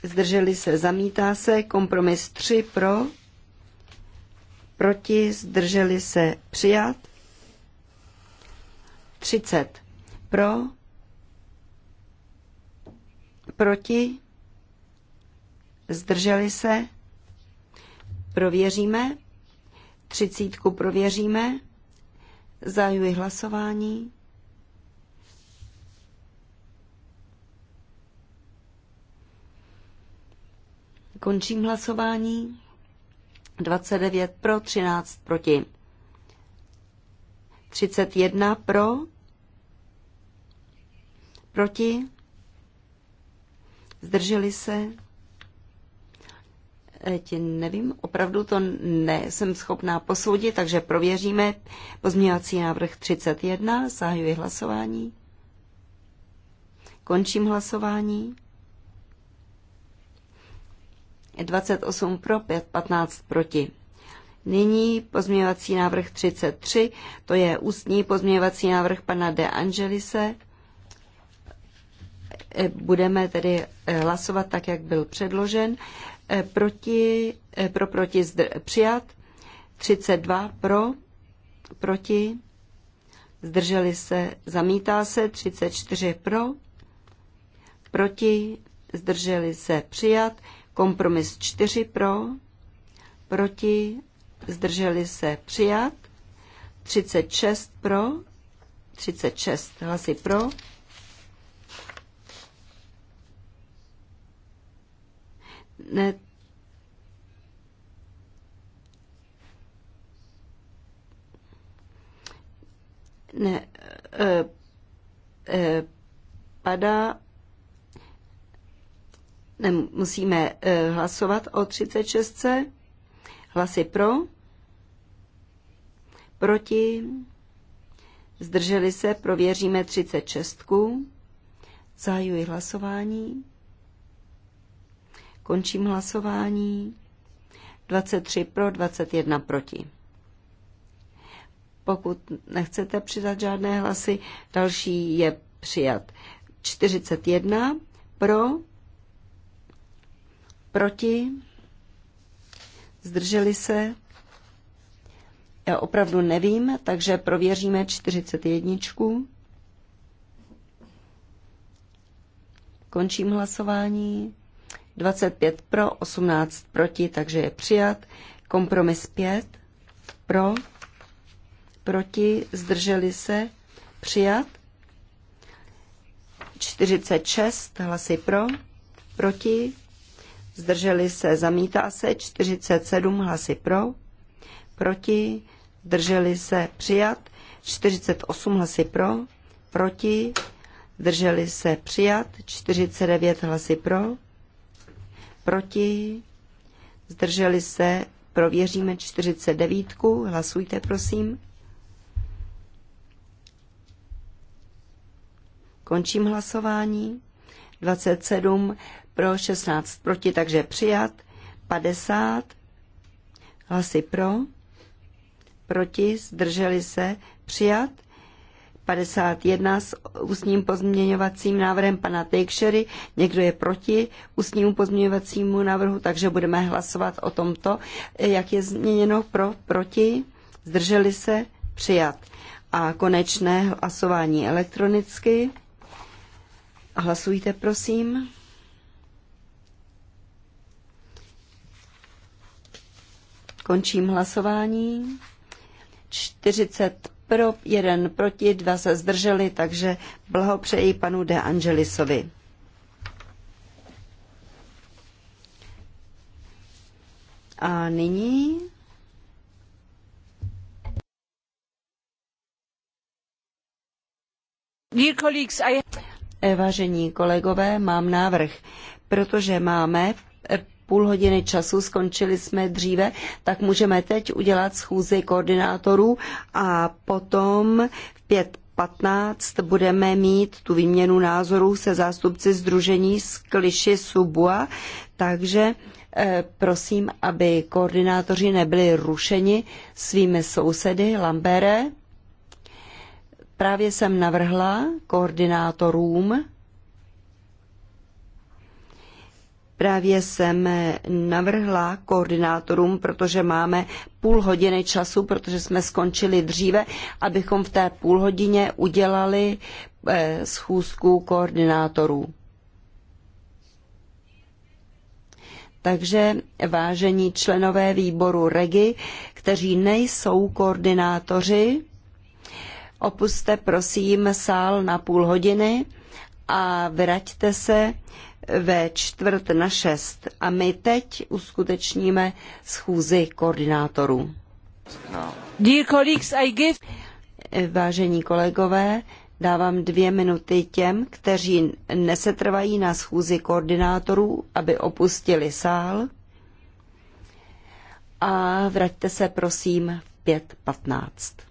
zdrželi se zamítá se, kompromis 3 pro, proti, zdrželi se přijat, 30 pro, Proti? Zdrželi se? Prověříme. Třicítku prověříme. Zajuji hlasování. Končím hlasování. 29 pro, 13 proti. 31 pro, proti, Zdrželi se? E, ti nevím, opravdu to nejsem schopná posoudit, takže prověříme pozměňovací návrh 31, zahajuji hlasování. Končím hlasování. 28 pro, 5, 15 proti. Nyní pozměňovací návrh 33, to je ústní pozměňovací návrh pana De Angelise. Eh, budeme tedy eh, hlasovat tak, jak byl předložen. Eh, proti, pro proti zdr, přijat, 32 pro, proti, zdrželi se, zamítá se, 34 pro, proti, zdrželi se, přijat, kompromis 4 pro, proti, zdrželi se, přijat, 36 pro, 36 hlasy pro, ne, e, e, padá, ne, musíme e, hlasovat o 36. Hlasy pro, proti, zdrželi se, prověříme 36. Zahajuji hlasování. Končím hlasování. 23 pro, 21 proti. Pokud nechcete přidat žádné hlasy, další je přijat. 41 pro, proti, zdrželi se. Já opravdu nevím, takže prověříme 41. Končím hlasování. 25 pro, 18 proti, takže je přijat. Kompromis 5 pro, proti, zdrželi se, přijat. 46 hlasy pro, proti, zdrželi se, zamítá se, 47 hlasy pro, proti, zdrželi se, přijat, 48 hlasy pro, proti, zdrželi se, přijat, 49 hlasy pro, proti, zdrželi se, prověříme 49. Hlasujte, prosím. Končím hlasování. 27 pro, 16 proti, takže přijat. 50 hlasy pro, proti, zdrželi se, přijat. 51 s ústním pozměňovacím návrhem pana Tejkšery. Někdo je proti ústnímu pozměňovacímu návrhu, takže budeme hlasovat o tomto. Jak je změněno pro, proti, zdrželi se, přijat. A konečné hlasování elektronicky. Hlasujte, prosím. Končím hlasování. 40 pro, jeden proti, dva se zdrželi, takže blahopřeji panu De Angelisovi. A nyní eh, Vážení kolegové, mám návrh, protože máme půl hodiny času, skončili jsme dříve, tak můžeme teď udělat schůzi koordinátorů a potom v 5.15 budeme mít tu výměnu názorů se zástupci Združení z Kliši Subua, takže eh, prosím, aby koordinátoři nebyli rušeni svými sousedy Lambere. Právě jsem navrhla koordinátorům, Právě jsem navrhla koordinátorům, protože máme půl hodiny času, protože jsme skončili dříve, abychom v té půl hodině udělali eh, schůzku koordinátorů. Takže vážení členové výboru REGI, kteří nejsou koordinátoři, opuste prosím sál na půl hodiny a vraťte se ve čtvrt na šest a my teď uskutečníme schůzi koordinátorů. Dear colleagues, I give... Vážení kolegové, dávám dvě minuty těm, kteří nesetrvají na schůzi koordinátorů, aby opustili sál. A vraťte se prosím v 5.15.